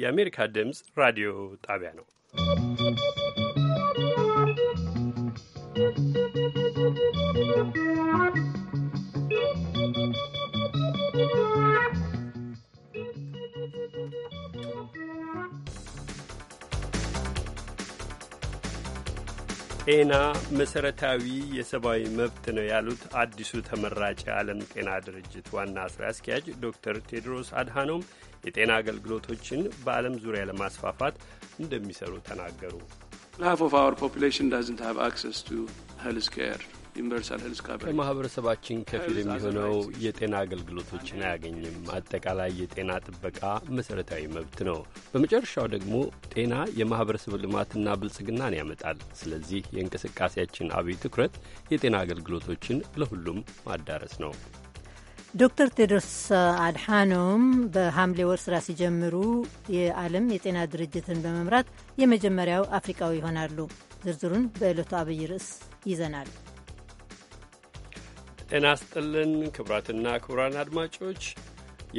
የአሜሪካ ድምፅ ራዲዮ ጣቢያ ነው። ጤና መሰረታዊ የሰብአዊ መብት ነው ያሉት አዲሱ ተመራጭ የዓለም ጤና ድርጅት ዋና ስራ አስኪያጅ ዶክተር ቴድሮስ አድሃኖም የጤና አገልግሎቶችን በዓለም ዙሪያ ለማስፋፋት እንደሚሰሩ ተናገሩ። ከማህበረሰባችን ከፊል የሚሆነው የጤና አገልግሎቶችን አያገኝም። አጠቃላይ የጤና ጥበቃ መሠረታዊ መብት ነው። በመጨረሻው ደግሞ ጤና የማህበረሰብ ልማትና ብልጽግናን ያመጣል። ስለዚህ የእንቅስቃሴያችን አብይ ትኩረት የጤና አገልግሎቶችን ለሁሉም ማዳረስ ነው። ዶክተር ቴድሮስ አድሓኖም በሐምሌ ወር ስራ ሲጀምሩ የዓለም የጤና ድርጅትን በመምራት የመጀመሪያው አፍሪካዊ ይሆናሉ። ዝርዝሩን በዕለቱ አብይ ርዕስ ይዘናል። ጤና ስጥልን ክቡራትና ክቡራን አድማጮች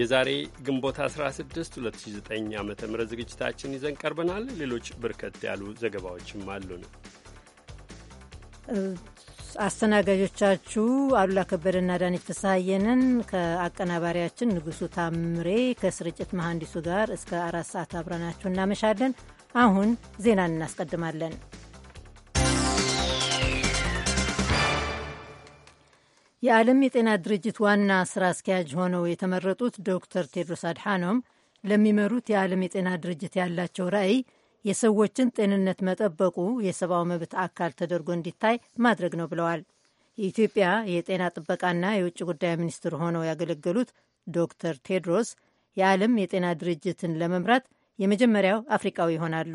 የዛሬ ግንቦት 16 2009 ዓ ም ዝግጅታችን ይዘን ቀርበናል። ሌሎች በርከት ያሉ ዘገባዎችም አሉን። አስተናጋጆቻችሁ አሉላ ከበደና ዳኒት ተሳየንን ከአቀናባሪያችን ንጉሱ ታምሬ ከስርጭት መሐንዲሱ ጋር እስከ አራት ሰዓት አብረናችሁ እናመሻለን። አሁን ዜናን እናስቀድማለን። የዓለም የጤና ድርጅት ዋና ስራ አስኪያጅ ሆነው የተመረጡት ዶክተር ቴድሮስ አድሓኖም ለሚመሩት የዓለም የጤና ድርጅት ያላቸው ራዕይ የሰዎችን ጤንነት መጠበቁ የሰብአዊ መብት አካል ተደርጎ እንዲታይ ማድረግ ነው ብለዋል። የኢትዮጵያ የጤና ጥበቃና የውጭ ጉዳይ ሚኒስትር ሆነው ያገለገሉት ዶክተር ቴድሮስ የዓለም የጤና ድርጅትን ለመምራት የመጀመሪያው አፍሪቃዊ ይሆናሉ።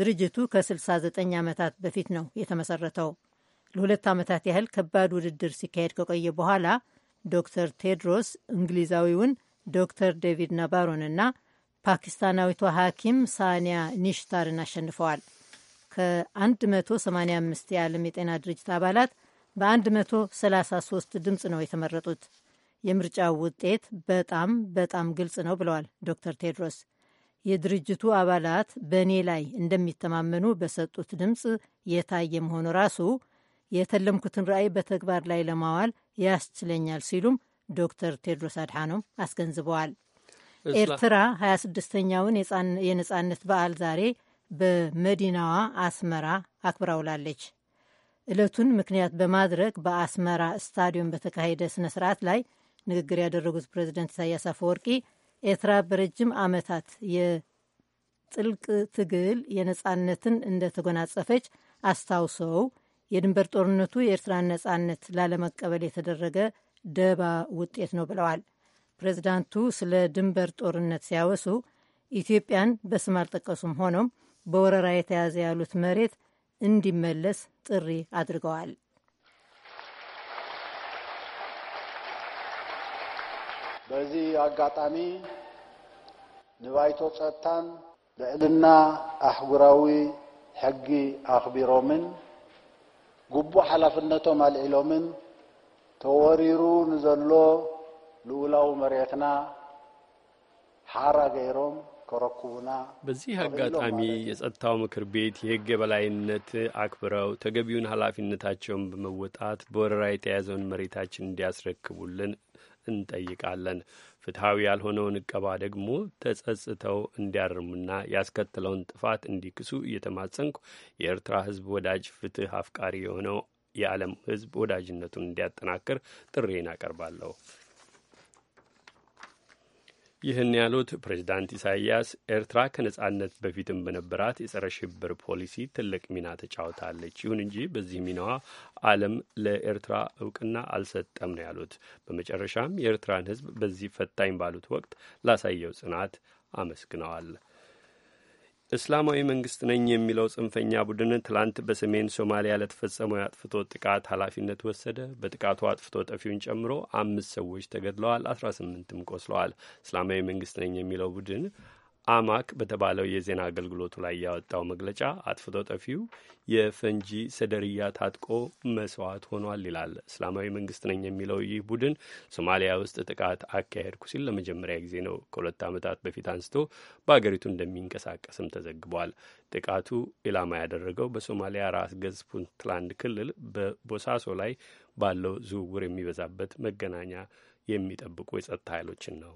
ድርጅቱ ከ69 ዓመታት በፊት ነው የተመሰረተው። ለሁለት ዓመታት ያህል ከባድ ውድድር ሲካሄድ ከቆየ በኋላ ዶክተር ቴድሮስ እንግሊዛዊውን ዶክተር ዴቪድ ናባሮንና ፓኪስታናዊቷ ሐኪም ሳኒያ ኒሽታርን አሸንፈዋል። ከ185 የዓለም የጤና ድርጅት አባላት በ133 ድምፅ ነው የተመረጡት። የምርጫው ውጤት በጣም በጣም ግልጽ ነው ብለዋል ዶክተር ቴድሮስ። የድርጅቱ አባላት በእኔ ላይ እንደሚተማመኑ በሰጡት ድምፅ የታየ መሆኑ ራሱ የተለምኩትን ራዕይ በተግባር ላይ ለማዋል ያስችለኛል ሲሉም ዶክተር ቴድሮስ አድሓኖም አስገንዝበዋል። ኤርትራ 26ኛውን የነጻነት በዓል ዛሬ በመዲናዋ አስመራ አክብራውላለች። እለቱን ምክንያት በማድረግ በአስመራ ስታዲየም በተካሄደ ስነ ስርዓት ላይ ንግግር ያደረጉት ፕሬዚደንት ኢሳያስ አፈወርቂ ኤርትራ በረጅም ዓመታት የጥልቅ ትግል የነጻነትን እንደተጎናጸፈች አስታውሰው የድንበር ጦርነቱ የኤርትራን ነጻነት ላለመቀበል የተደረገ ደባ ውጤት ነው ብለዋል። ፕሬዚዳንቱ ስለ ድንበር ጦርነት ሲያወሱ ኢትዮጵያን በስም አልጠቀሱም። ሆኖም በወረራ የተያዘ ያሉት መሬት እንዲመለስ ጥሪ አድርገዋል። በዚህ አጋጣሚ ንባይቶ ጸጥታን ልዕልና አህጉራዊ ሕጊ ኣኽቢሮምን ጉቡእ ሓላፍነቶም ኣልዒሎምን ተወሪሩ ንዘሎ ልዑላው መሬትና ሐራ ገይሮም በዚህ አጋጣሚ የጸጥታው ምክር ቤት የሕግ የበላይነት አክብረው ተገቢውን ኃላፊነታቸውን በመወጣት በወረራ የተያዘውን መሬታችን እንዲያስረክቡልን እንጠይቃለን። ፍትሐዊ ያልሆነውን እቀባ ደግሞ ተጸጽተው እንዲያርሙና ያስከተለውን ጥፋት እንዲክሱ እየተማጸንኩ የኤርትራ ሕዝብ ወዳጅ ፍትህ አፍቃሪ የሆነው የዓለም ሕዝብ ወዳጅነቱን እንዲያጠናክር ጥሬን አቀርባለሁ። ይህን ያሉት ፕሬዚዳንት ኢሳይያስ ኤርትራ ከነጻነት በፊትም በነበራት የጸረ ሽብር ፖሊሲ ትልቅ ሚና ተጫውታለች። ይሁን እንጂ በዚህ ሚናዋ ዓለም ለኤርትራ እውቅና አልሰጠም ነው ያሉት። በመጨረሻም የኤርትራን ሕዝብ በዚህ ፈታኝ ባሉት ወቅት ላሳየው ጽናት አመስግነዋል። እስላማዊ መንግስት ነኝ የሚለው ጽንፈኛ ቡድን ትላንት በሰሜን ሶማሊያ ለተፈጸመው የአጥፍቶ ጥቃት ኃላፊነት ወሰደ። በጥቃቱ አጥፍቶ ጠፊውን ጨምሮ አምስት ሰዎች ተገድለዋል፣ አስራ ስምንትም ቆስለዋል። እስላማዊ መንግስት ነኝ የሚለው ቡድን አማክ በተባለው የዜና አገልግሎቱ ላይ ያወጣው መግለጫ አጥፍቶ ጠፊው የፈንጂ ሰደርያ ታጥቆ መስዋዕት ሆኗል ይላል። እስላማዊ መንግስት ነኝ የሚለው ይህ ቡድን ሶማሊያ ውስጥ ጥቃት አካሄድኩ ሲል ለመጀመሪያ ጊዜ ነው። ከሁለት ዓመታት በፊት አንስቶ በአገሪቱ እንደሚንቀሳቀስም ተዘግቧል። ጥቃቱ ኢላማ ያደረገው በሶማሊያ ራስ ገዝ ፑንትላንድ ክልል በቦሳሶ ላይ ባለው ዝውውር የሚበዛበት መገናኛ የሚጠብቁ የጸጥታ ኃይሎችን ነው።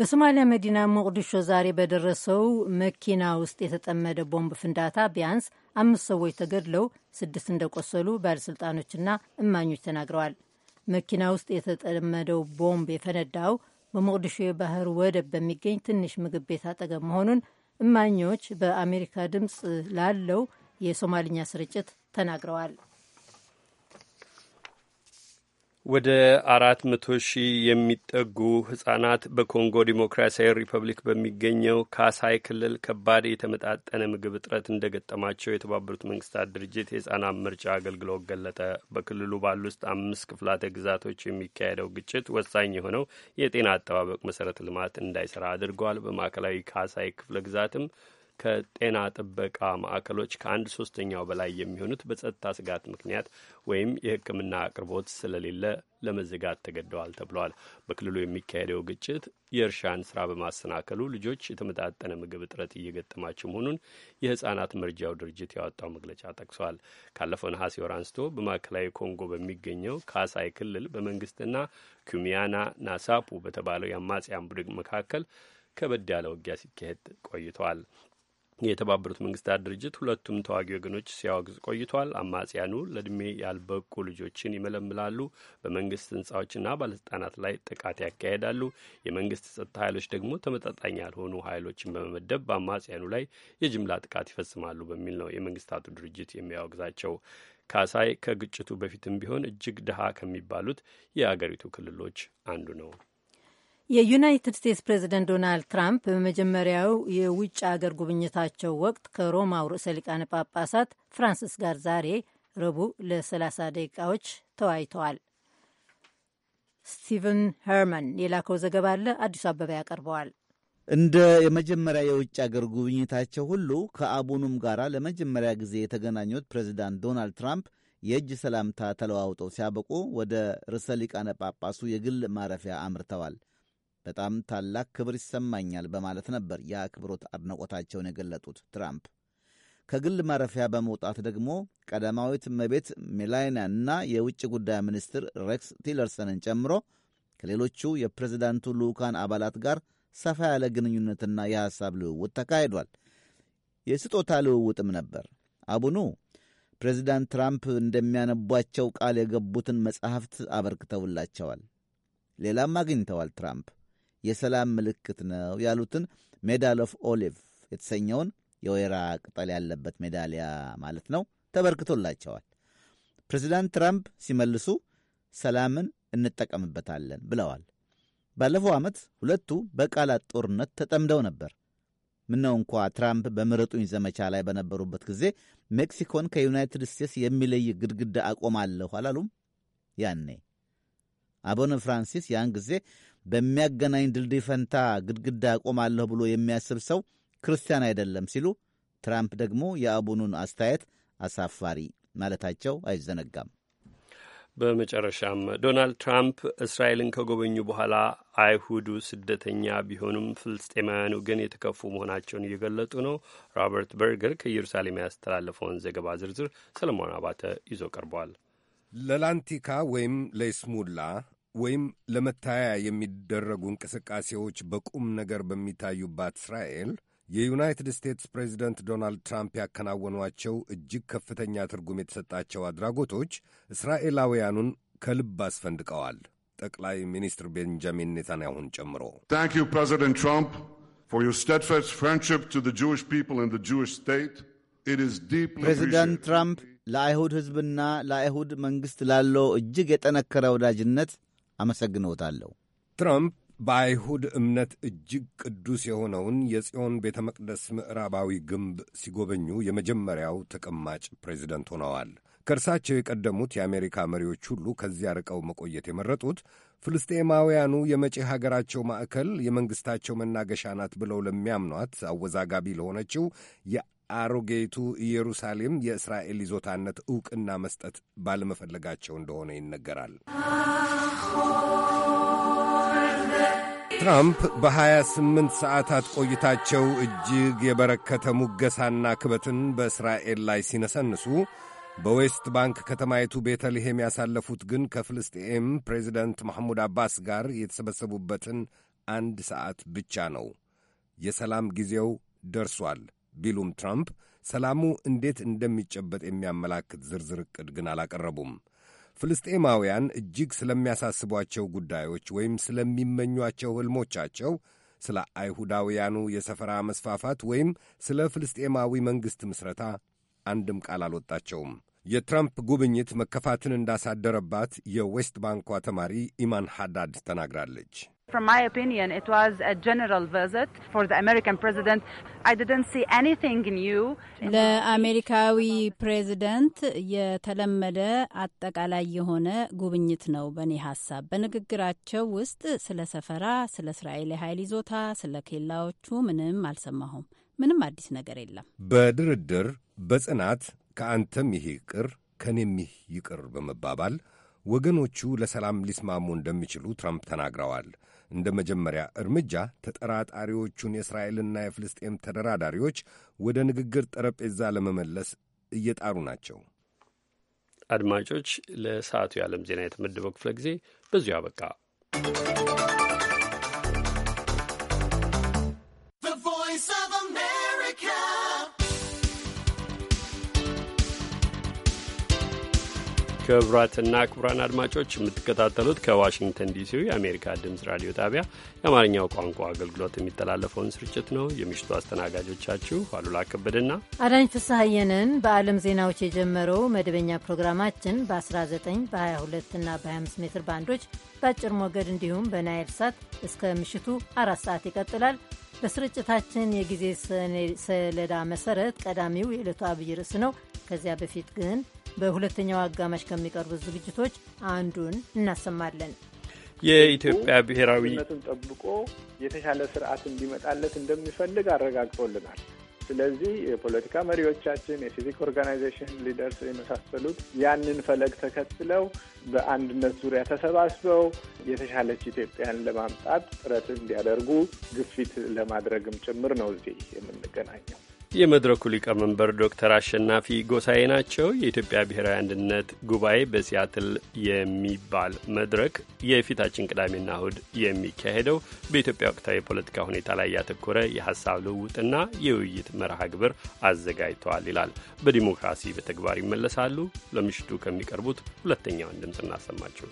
በሶማሊያ መዲና ሞቅዲሾ ዛሬ በደረሰው መኪና ውስጥ የተጠመደ ቦምብ ፍንዳታ ቢያንስ አምስት ሰዎች ተገድለው ስድስት እንደቆሰሉ ባለሥልጣኖችና እማኞች ተናግረዋል። መኪና ውስጥ የተጠመደው ቦምብ የፈነዳው በሞቅዲሾ የባህር ወደብ በሚገኝ ትንሽ ምግብ ቤት አጠገብ መሆኑን እማኞች በአሜሪካ ድምፅ ላለው የሶማልኛ ስርጭት ተናግረዋል። ወደ አራት መቶ ሺህ የሚጠጉ ህጻናት በኮንጎ ዲሞክራሲያዊ ሪፐብሊክ በሚገኘው ካሳይ ክልል ከባድ የተመጣጠነ ምግብ እጥረት እንደገጠማቸው የተባበሩት መንግስታት ድርጅት የህጻናት ምርጫ አገልግሎት ገለጠ። በክልሉ ባሉ ውስጥ አምስት ክፍላተ ግዛቶች የሚካሄደው ግጭት ወሳኝ የሆነው የጤና አጠባበቅ መሰረተ ልማት እንዳይሰራ አድርጓል። በማዕከላዊ ካሳይ ክፍለ ግዛትም ከጤና ጥበቃ ማዕከሎች ከአንድ ሶስተኛው በላይ የሚሆኑት በጸጥታ ስጋት ምክንያት ወይም የሕክምና አቅርቦት ስለሌለ ለመዘጋት ተገደዋል ተብሏል። በክልሉ የሚካሄደው ግጭት የእርሻን ስራ በማሰናከሉ ልጆች የተመጣጠነ ምግብ እጥረት እየገጠማቸው መሆኑን የህጻናት መርጃው ድርጅት ያወጣው መግለጫ ጠቅሷል። ካለፈው ነሐሴ ወር አንስቶ በማዕከላዊ ኮንጎ በሚገኘው ካሳይ ክልል በመንግስትና ኩሚያና ናሳፑ በተባለው የአማጽያን ቡድን መካከል ከበድ ያለ ውጊያ ሲካሄድ ቆይተዋል። የተባበሩት መንግስታት ድርጅት ሁለቱም ተዋጊ ወገኖች ሲያወግዝ ቆይቷል። አማጽያኑ ለእድሜ ያልበቁ ልጆችን ይመለምላሉ፣ በመንግስት ህንጻዎችና ባለስልጣናት ላይ ጥቃት ያካሄዳሉ። የመንግስት ጸጥታ ኃይሎች ደግሞ ተመጣጣኝ ያልሆኑ ኃይሎችን በመመደብ በአማጽያኑ ላይ የጅምላ ጥቃት ይፈጽማሉ በሚል ነው የመንግስታቱ ድርጅት የሚያወግዛቸው። ካሳይ ከግጭቱ በፊትም ቢሆን እጅግ ድሃ ከሚባሉት የአገሪቱ ክልሎች አንዱ ነው። የዩናይትድ ስቴትስ ፕሬዚደንት ዶናልድ ትራምፕ በመጀመሪያው የውጭ አገር ጉብኝታቸው ወቅት ከሮማው ርዕሰ ሊቃነ ጳጳሳት ፍራንሲስ ጋር ዛሬ ረቡዕ ለ30 ደቂቃዎች ተወያይተዋል። ስቲቨን ሄርመን የላከው ዘገባ አለ፣ አዲሱ አበባ ያቀርበዋል። እንደ የመጀመሪያ የውጭ አገር ጉብኝታቸው ሁሉ ከአቡኑም ጋር ለመጀመሪያ ጊዜ የተገናኙት ፕሬዚዳንት ዶናልድ ትራምፕ የእጅ ሰላምታ ተለዋውጠው ሲያበቁ ወደ ርዕሰ ሊቃነ ጳጳሱ የግል ማረፊያ አምርተዋል። በጣም ታላቅ ክብር ይሰማኛል በማለት ነበር የአክብሮት አድናቆታቸውን የገለጡት ትራምፕ። ከግል ማረፊያ በመውጣት ደግሞ ቀዳማዊት እመቤት ሜላኒያ እና የውጭ ጉዳይ ሚኒስትር ሬክስ ቲለርሰንን ጨምሮ ከሌሎቹ የፕሬዚዳንቱ ልዑካን አባላት ጋር ሰፋ ያለ ግንኙነትና የሐሳብ ልውውጥ ተካሂዷል። የስጦታ ልውውጥም ነበር። አቡኑ ፕሬዚዳንት ትራምፕ እንደሚያነቧቸው ቃል የገቡትን መጻሕፍት አበርክተውላቸዋል። ሌላም አግኝተዋል ትራምፕ የሰላም ምልክት ነው ያሉትን ሜዳል ኦፍ ኦሊቭ የተሰኘውን የወይራ ቅጠል ያለበት ሜዳሊያ ማለት ነው ተበርክቶላቸዋል። ፕሬዚዳንት ትራምፕ ሲመልሱ ሰላምን እንጠቀምበታለን ብለዋል። ባለፈው ዓመት ሁለቱ በቃላት ጦርነት ተጠምደው ነበር። ምነው እንኳ ትራምፕ በምረጡኝ ዘመቻ ላይ በነበሩበት ጊዜ ሜክሲኮን ከዩናይትድ ስቴትስ የሚለይ ግድግዳ አቆማለሁ አላሉም? ያኔ አቡነ ፍራንሲስ ያን ጊዜ በሚያገናኝ ድልድይ ፈንታ ግድግዳ ቆማለሁ ብሎ የሚያስብ ሰው ክርስቲያን አይደለም ሲሉ ትራምፕ ደግሞ የአቡኑን አስተያየት አሳፋሪ ማለታቸው አይዘነጋም። በመጨረሻም ዶናልድ ትራምፕ እስራኤልን ከጎበኙ በኋላ አይሁዱ ስደተኛ ቢሆኑም ፍልስጤማውያኑ ግን የተከፉ መሆናቸውን እየገለጡ ነው። ሮበርት በርገር ከኢየሩሳሌም ያስተላለፈውን ዘገባ ዝርዝር ሰለሞን አባተ ይዞ ቀርቧል። ለላንቲካ ወይም ለይስሙላ ወይም ለመታያ የሚደረጉ እንቅስቃሴዎች በቁም ነገር በሚታዩባት እስራኤል የዩናይትድ ስቴትስ ፕሬዚደንት ዶናልድ ትራምፕ ያከናወኗቸው እጅግ ከፍተኛ ትርጉም የተሰጣቸው አድራጎቶች እስራኤላውያኑን ከልብ አስፈንድቀዋል። ጠቅላይ ሚኒስትር ቤንጃሚን ኔታንያሁን ጨምሮ ፕሬዚደንት ትራምፕ ፕሬዚዳንት ትራምፕ ለአይሁድ ሕዝብና ለአይሁድ መንግሥት ላለው እጅግ የጠነከረ ወዳጅነት አመሰግነውታለሁ። ትራምፕ በአይሁድ እምነት እጅግ ቅዱስ የሆነውን የጽዮን ቤተ መቅደስ ምዕራባዊ ግንብ ሲጎበኙ የመጀመሪያው ተቀማጭ ፕሬዚደንት ሆነዋል። ከእርሳቸው የቀደሙት የአሜሪካ መሪዎች ሁሉ ከዚያ ርቀው መቆየት የመረጡት ፍልስጤማውያኑ የመጪ ሀገራቸው ማዕከል የመንግሥታቸው መናገሻ ናት ብለው ለሚያምኗት አወዛጋቢ ለሆነችው አሮጌቱ ኢየሩሳሌም የእስራኤል ይዞታነት እውቅና መስጠት ባለመፈለጋቸው እንደሆነ ይነገራል። ትራምፕ በ28 ሰዓታት ቆይታቸው እጅግ የበረከተ ሙገሳና ክበትን በእስራኤል ላይ ሲነሰንሱ በዌስት ባንክ ከተማይቱ ቤተልሔም ያሳለፉት ግን ከፍልስጤም ፕሬዚደንት ማሕሙድ አባስ ጋር የተሰበሰቡበትን አንድ ሰዓት ብቻ ነው። የሰላም ጊዜው ደርሷል ቢሉም ትራምፕ ሰላሙ እንዴት እንደሚጨበጥ የሚያመላክት ዝርዝር ዕቅድ ግን አላቀረቡም። ፍልስጤማውያን እጅግ ስለሚያሳስቧቸው ጉዳዮች ወይም ስለሚመኟቸው ሕልሞቻቸው፣ ስለ አይሁዳውያኑ የሰፈራ መስፋፋት ወይም ስለ ፍልስጤማዊ መንግሥት ምስረታ አንድም ቃል አልወጣቸውም። የትራምፕ ጉብኝት መከፋትን እንዳሳደረባት የዌስት ባንኳ ተማሪ ኢማን ሐዳድ ተናግራለች። From my opinion, it was a general visit for the American president. I didn't see anything new. ለአሜሪካዊ ፕሬዚደንት የተለመደ አጠቃላይ የሆነ ጉብኝት ነው በእኔ ሀሳብ። በንግግራቸው ውስጥ ስለ ሰፈራ፣ ስለ እስራኤል የኃይል ይዞታ፣ ስለ ኬላዎቹ ምንም አልሰማሁም። ምንም አዲስ ነገር የለም። በድርድር በጽናት ከአንተም ይሄ ይቅር ከእኔም ይህ ይቅር በመባባል ወገኖቹ ለሰላም ሊስማሙ እንደሚችሉ ትራምፕ ተናግረዋል። እንደ መጀመሪያ እርምጃ ተጠራጣሪዎቹን የእስራኤልና የፍልስጤም ተደራዳሪዎች ወደ ንግግር ጠረጴዛ ለመመለስ እየጣሩ ናቸው። አድማጮች፣ ለሰዓቱ የዓለም ዜና የተመደበው ክፍለ ጊዜ በዚሁ አበቃ። ክቡራትና ክቡራን አድማጮች የምትከታተሉት ከዋሽንግተን ዲሲ የአሜሪካ ድምፅ ራዲዮ ጣቢያ የአማርኛው ቋንቋ አገልግሎት የሚተላለፈውን ስርጭት ነው። የምሽቱ አስተናጋጆቻችሁ አሉላ ከበደና አዳኝ ፍስሐየንን በዓለም ዜናዎች የጀመረው መደበኛ ፕሮግራማችን በ19 በ22 እና በ25 ሜትር ባንዶች በአጭር ሞገድ እንዲሁም በናይል ሳት እስከ ምሽቱ አራት ሰዓት ይቀጥላል። በስርጭታችን የጊዜ ሰሌዳ መሰረት ቀዳሚው የዕለቱ አብይ ርዕስ ነው። ከዚያ በፊት ግን በሁለተኛው አጋማሽ ከሚቀርቡት ዝግጅቶች አንዱን እናሰማለን። የኢትዮጵያ ብሔራዊ ጠብቆ የተሻለ ስርዓት እንዲመጣለት እንደሚፈልግ አረጋግጦልናል። ስለዚህ የፖለቲካ መሪዎቻችን፣ የሲቪክ ኦርጋናይዜሽን ሊደርስ የመሳሰሉት ያንን ፈለግ ተከትለው በአንድነት ዙሪያ ተሰባስበው የተሻለች ኢትዮጵያን ለማምጣት ጥረት እንዲያደርጉ ግፊት ለማድረግም ጭምር ነው እዚህ የምንገናኘው። የመድረኩ ሊቀመንበር ዶክተር አሸናፊ ጎሳዬ ናቸው። የኢትዮጵያ ብሔራዊ አንድነት ጉባኤ በሲያትል የሚባል መድረክ የፊታችን ቅዳሜና እሁድ የሚካሄደው በኢትዮጵያ ወቅታዊ የፖለቲካ ሁኔታ ላይ ያተኮረ የሀሳብ ልውውጥና የውይይት መርሃ ግብር አዘጋጅተዋል ይላል። በዲሞክራሲ በተግባር ይመለሳሉ። ለምሽቱ ከሚቀርቡት ሁለተኛውን ድምፅ እናሰማችሁ።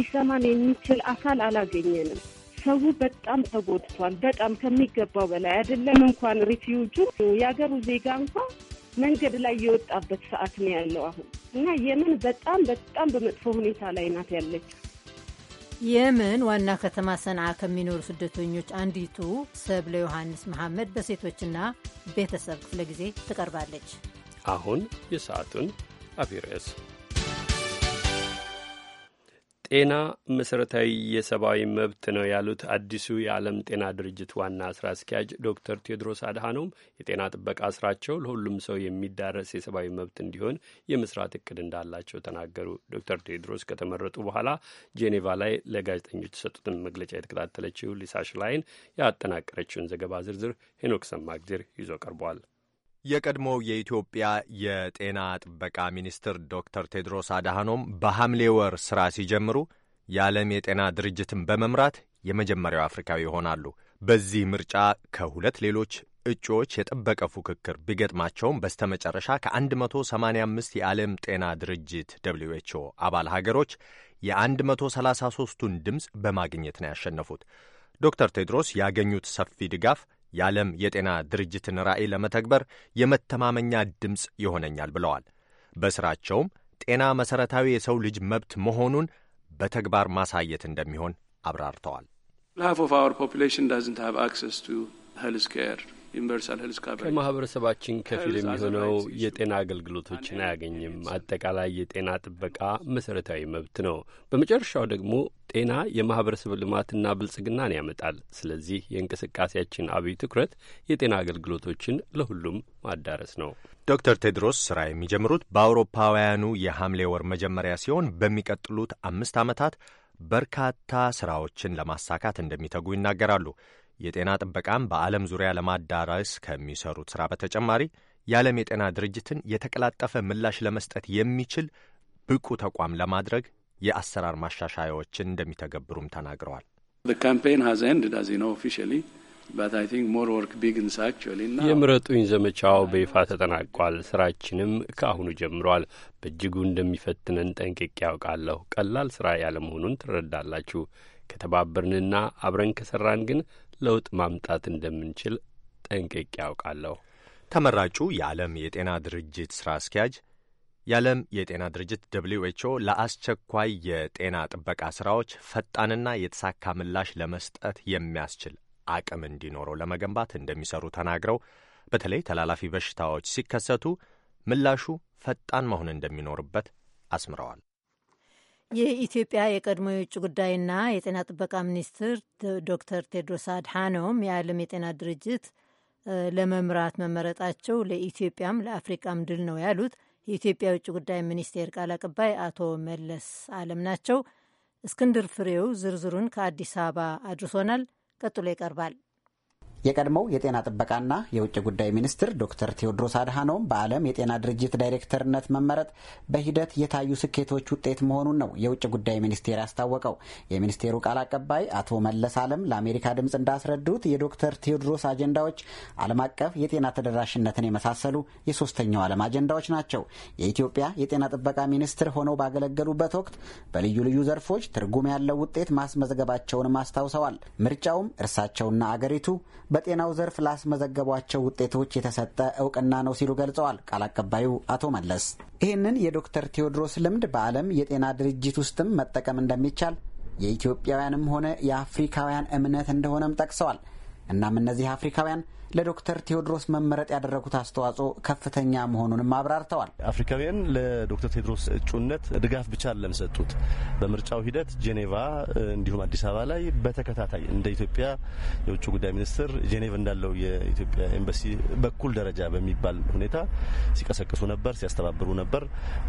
ሊሰማን የሚችል አካል አላገኘንም። ሰው በጣም ተጎድቷል። በጣም ከሚገባው በላይ አይደለም። እንኳን ሪፊውጁ የሀገሩ ዜጋ እንኳን መንገድ ላይ የወጣበት ሰዓት ነው ያለው አሁን እና የመን በጣም በጣም በመጥፎ ሁኔታ ላይ ናት ያለች። የመን ዋና ከተማ ሰንዓ ከሚኖሩ ስደተኞች አንዲቱ ሰብለ ዮሐንስ መሐመድ በሴቶችና ቤተሰብ ክፍለ ጊዜ ትቀርባለች። አሁን የሰዓቱን አብይ ጤና መሠረታዊ የሰብአዊ መብት ነው ያሉት አዲሱ የዓለም ጤና ድርጅት ዋና ስራ አስኪያጅ ዶክተር ቴድሮስ አድሃኖም የጤና ጥበቃ ስራቸው ለሁሉም ሰው የሚዳረስ የሰብአዊ መብት እንዲሆን የመስራት እቅድ እንዳላቸው ተናገሩ። ዶክተር ቴድሮስ ከተመረጡ በኋላ ጄኔቫ ላይ ለጋዜጠኞች የሰጡትን መግለጫ የተከታተለችው ሊሳ ሽላይን ያጠናቀረችውን ዘገባ ዝርዝር ሄኖክ ሰማግዜር ይዞ ቀርቧል። የቀድሞው የኢትዮጵያ የጤና ጥበቃ ሚኒስትር ዶክተር ቴድሮስ አድሃኖም በሐምሌ ወር ሥራ ሲጀምሩ የዓለም የጤና ድርጅትን በመምራት የመጀመሪያው አፍሪካዊ ይሆናሉ። በዚህ ምርጫ ከሁለት ሌሎች እጩዎች የጠበቀ ፉክክር ቢገጥማቸውም በስተመጨረሻ ከ185 የዓለም ጤና ድርጅት ደብልዩ ኤች ኦ አባል ሀገሮች የ133ቱን ድምፅ በማግኘት ነው ያሸነፉት። ዶክተር ቴድሮስ ያገኙት ሰፊ ድጋፍ የዓለም የጤና ድርጅትን ራዕይ ለመተግበር የመተማመኛ ድምፅ ይሆነኛል ብለዋል። በሥራቸውም ጤና መሠረታዊ የሰው ልጅ መብት መሆኑን በተግባር ማሳየት እንደሚሆን አብራርተዋል። ሃፍ ኦፍ አወር ፖፑሌሽን ዳዝንት ሃቭ አክሰስ ቱ ሄልዝ ኬር ዩኒቨርሳል ሄልዝ ካቨሬጅ ከማህበረሰባችን ከፊል የሚሆነው የጤና አገልግሎቶችን አያገኝም። አጠቃላይ የጤና ጥበቃ መሰረታዊ መብት ነው። በመጨረሻው ደግሞ ጤና የማህበረሰብ ልማትና ብልጽግናን ያመጣል። ስለዚህ የእንቅስቃሴያችን አብይ ትኩረት የጤና አገልግሎቶችን ለሁሉም ማዳረስ ነው። ዶክተር ቴድሮስ ስራ የሚጀምሩት በአውሮፓውያኑ የሐምሌ ወር መጀመሪያ ሲሆን በሚቀጥሉት አምስት ዓመታት በርካታ ስራዎችን ለማሳካት እንደሚተጉ ይናገራሉ። የጤና ጥበቃም በዓለም ዙሪያ ለማዳረስ ከሚሰሩት ሥራ በተጨማሪ የዓለም የጤና ድርጅትን የተቀላጠፈ ምላሽ ለመስጠት የሚችል ብቁ ተቋም ለማድረግ የአሰራር ማሻሻያዎችን እንደሚተገብሩም ተናግረዋል። የምረጡኝ ዘመቻው በይፋ ተጠናቋል። ስራችንም ከአሁኑ ጀምሯል። በእጅጉ እንደሚፈትነን ጠንቅቄ ያውቃለሁ። ቀላል ስራ ያለመሆኑን ትረዳላችሁ። ከተባበርንና አብረን ከሰራን ግን ለውጥ ማምጣት እንደምንችል ጠንቅቄ ያውቃለሁ። ተመራጩ የዓለም የጤና ድርጅት ሥራ አስኪያጅ የዓለም የጤና ድርጅት ደብሊው ኤችኦ ለአስቸኳይ የጤና ጥበቃ ሥራዎች ፈጣንና የተሳካ ምላሽ ለመስጠት የሚያስችል አቅም እንዲኖረው ለመገንባት እንደሚሰሩ ተናግረው በተለይ ተላላፊ በሽታዎች ሲከሰቱ ምላሹ ፈጣን መሆን እንደሚኖርበት አስምረዋል። የኢትዮጵያ የቀድሞ የውጭ ጉዳይና የጤና ጥበቃ ሚኒስትር ዶክተር ቴድሮስ አድሓኖም የዓለም የጤና ድርጅት ለመምራት መመረጣቸው ለኢትዮጵያም ለአፍሪቃም ድል ነው ያሉት የኢትዮጵያ የውጭ ጉዳይ ሚኒስቴር ቃል አቀባይ አቶ መለስ አለም ናቸው። እስክንድር ፍሬው ዝርዝሩን ከአዲስ አበባ አድርሶናል። ቀጥሎ ይቀርባል። የቀድሞው የጤና ጥበቃና የውጭ ጉዳይ ሚኒስትር ዶክተር ቴዎድሮስ አድሃኖም በዓለም የጤና ድርጅት ዳይሬክተርነት መመረጥ በሂደት የታዩ ስኬቶች ውጤት መሆኑን ነው የውጭ ጉዳይ ሚኒስቴር ያስታወቀው። የሚኒስቴሩ ቃል አቀባይ አቶ መለስ አለም ለአሜሪካ ድምፅ እንዳስረዱት የዶክተር ቴዎድሮስ አጀንዳዎች ዓለም አቀፍ የጤና ተደራሽነትን የመሳሰሉ የሶስተኛው ዓለም አጀንዳዎች ናቸው። የኢትዮጵያ የጤና ጥበቃ ሚኒስትር ሆነው ባገለገሉበት ወቅት በልዩ ልዩ ዘርፎች ትርጉም ያለው ውጤት ማስመዝገባቸውንም አስታውሰዋል። ምርጫውም እርሳቸውና አገሪቱ በጤናው ዘርፍ ላስመዘገቧቸው ውጤቶች የተሰጠ እውቅና ነው ሲሉ ገልጸዋል ቃል አቀባዩ አቶ መለስ። ይህንን የዶክተር ቴዎድሮስ ልምድ በዓለም የጤና ድርጅት ውስጥም መጠቀም እንደሚቻል የኢትዮጵያውያንም ሆነ የአፍሪካውያን እምነት እንደሆነም ጠቅሰዋል። እናም እነዚህ አፍሪካውያን ለዶክተር ቴዎድሮስ መመረጥ ያደረጉት አስተዋጽኦ ከፍተኛ መሆኑንም አብራርተዋል። አፍሪካውያን ለዶክተር ቴዎድሮስ እጩነት ድጋፍ ብቻ አለም ሰጡት። በምርጫው ሂደት ጄኔቫ፣ እንዲሁም አዲስ አበባ ላይ በተከታታይ እንደ ኢትዮጵያ የውጭ ጉዳይ ሚኒስትር ጄኔቭ እንዳለው የኢትዮጵያ ኤምባሲ በኩል ደረጃ በሚባል ሁኔታ ሲቀሰቅሱ ነበር፣ ሲያስተባብሩ ነበር።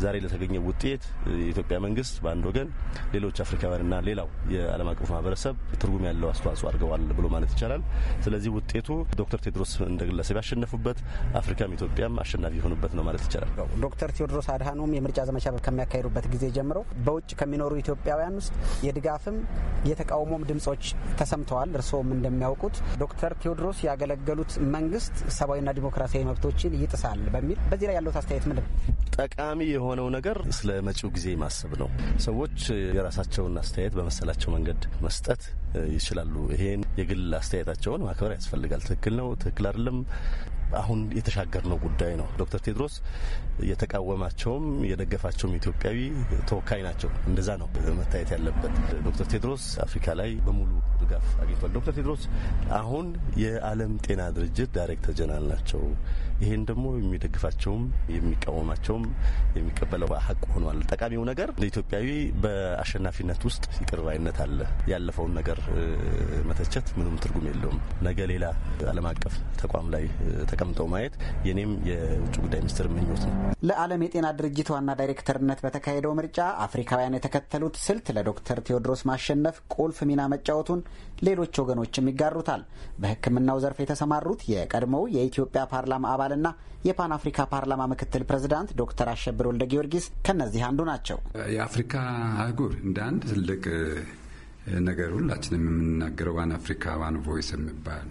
ዛሬ ለተገኘው ውጤት የኢትዮጵያ መንግስት በአንድ ወገን፣ ሌሎች አፍሪካውያንና ሌላው የዓለም አቀፉ ማህበረሰብ ትርጉም ያለው አስተዋጽኦ አድርገዋል ብሎ ማለት ይቻላል። ስለዚህ ውጤቱ ዶክተር ቴዎድሮስ እንደ ግለሰብ ያሸነፉበት አፍሪካም ኢትዮጵያም አሸናፊ የሆኑበት ነው ማለት ይቻላል። ዶክተር ቴዎድሮስ አድሃኖም የምርጫ ዘመቻ ከሚያካሂዱበት ጊዜ ጀምሮ በውጭ ከሚኖሩ ኢትዮጵያውያን ውስጥ የድጋፍም የተቃውሞም ድምጾች ተሰምተዋል። እርስዎም እንደሚያውቁት ዶክተር ቴዎድሮስ ያገለገሉት መንግስት ሰብአዊና ዲሞክራሲያዊ መብቶችን ይጥሳል በሚል በዚህ ላይ ያለት አስተያየት ምንድን ነው? ጠቃሚ የሆነው ነገር ስለ መጪው ጊዜ ማሰብ ነው። ሰዎች የራሳቸውን አስተያየት በመሰላቸው መንገድ መስጠት ይችላሉ። ይሄን የግል አስተያየታቸውን ማክበር ያስፈልጋል። ትክክል ነው፣ ትክክል አይደለም። አሁን የተሻገርነው ጉዳይ ነው። ዶክተር ቴድሮስ የተቃወማቸውም የደገፋቸውም ኢትዮጵያዊ ተወካይ ናቸው። እንደዛ ነው መታየት ያለበት። ዶክተር ቴድሮስ አፍሪካ ላይ በሙሉ ድጋፍ አግኝቷል። ዶክተር ቴድሮስ አሁን የዓለም ጤና ድርጅት ዳይሬክተር ጀነራል ናቸው። ይህን ደግሞ የሚደግፋቸውም የሚቃወማቸውም የሚቀበለው ሀቅ ሆኗል። ጠቃሚው ነገር ለኢትዮጵያዊ በአሸናፊነት ውስጥ ይቅር ባይነት አለ። ያለፈውን ነገር መተቸት ምንም ትርጉም የለውም። ነገ ሌላ ዓለም አቀፍ ተቋም ላይ ተቀምጠው ማየት የኔም የውጭ ጉዳይ ሚኒስትር ምኞት ነው። ለዓለም የጤና ድርጅት ዋና ዳይሬክተርነት በተካሄደው ምርጫ አፍሪካውያን የተከተሉት ስልት ለዶክተር ቴዎድሮስ ማሸነፍ ቁልፍ ሚና መጫወቱን ሌሎች ወገኖችም ይጋሩታል። በሕክምናው ዘርፍ የተሰማሩት የቀድሞው የኢትዮጵያ ፓርላማ አባል ና የፓን አፍሪካ ፓርላማ ምክትል ፕሬዝዳንት ዶክተር አሸብር ወልደ ጊዮርጊስ ከእነዚህ አንዱ ናቸው። የአፍሪካ አህጉር እንደ አንድ ትልቅ ነገር ሁላችንም የምንናገረው ዋን አፍሪካ ዋን ቮይስ የሚባል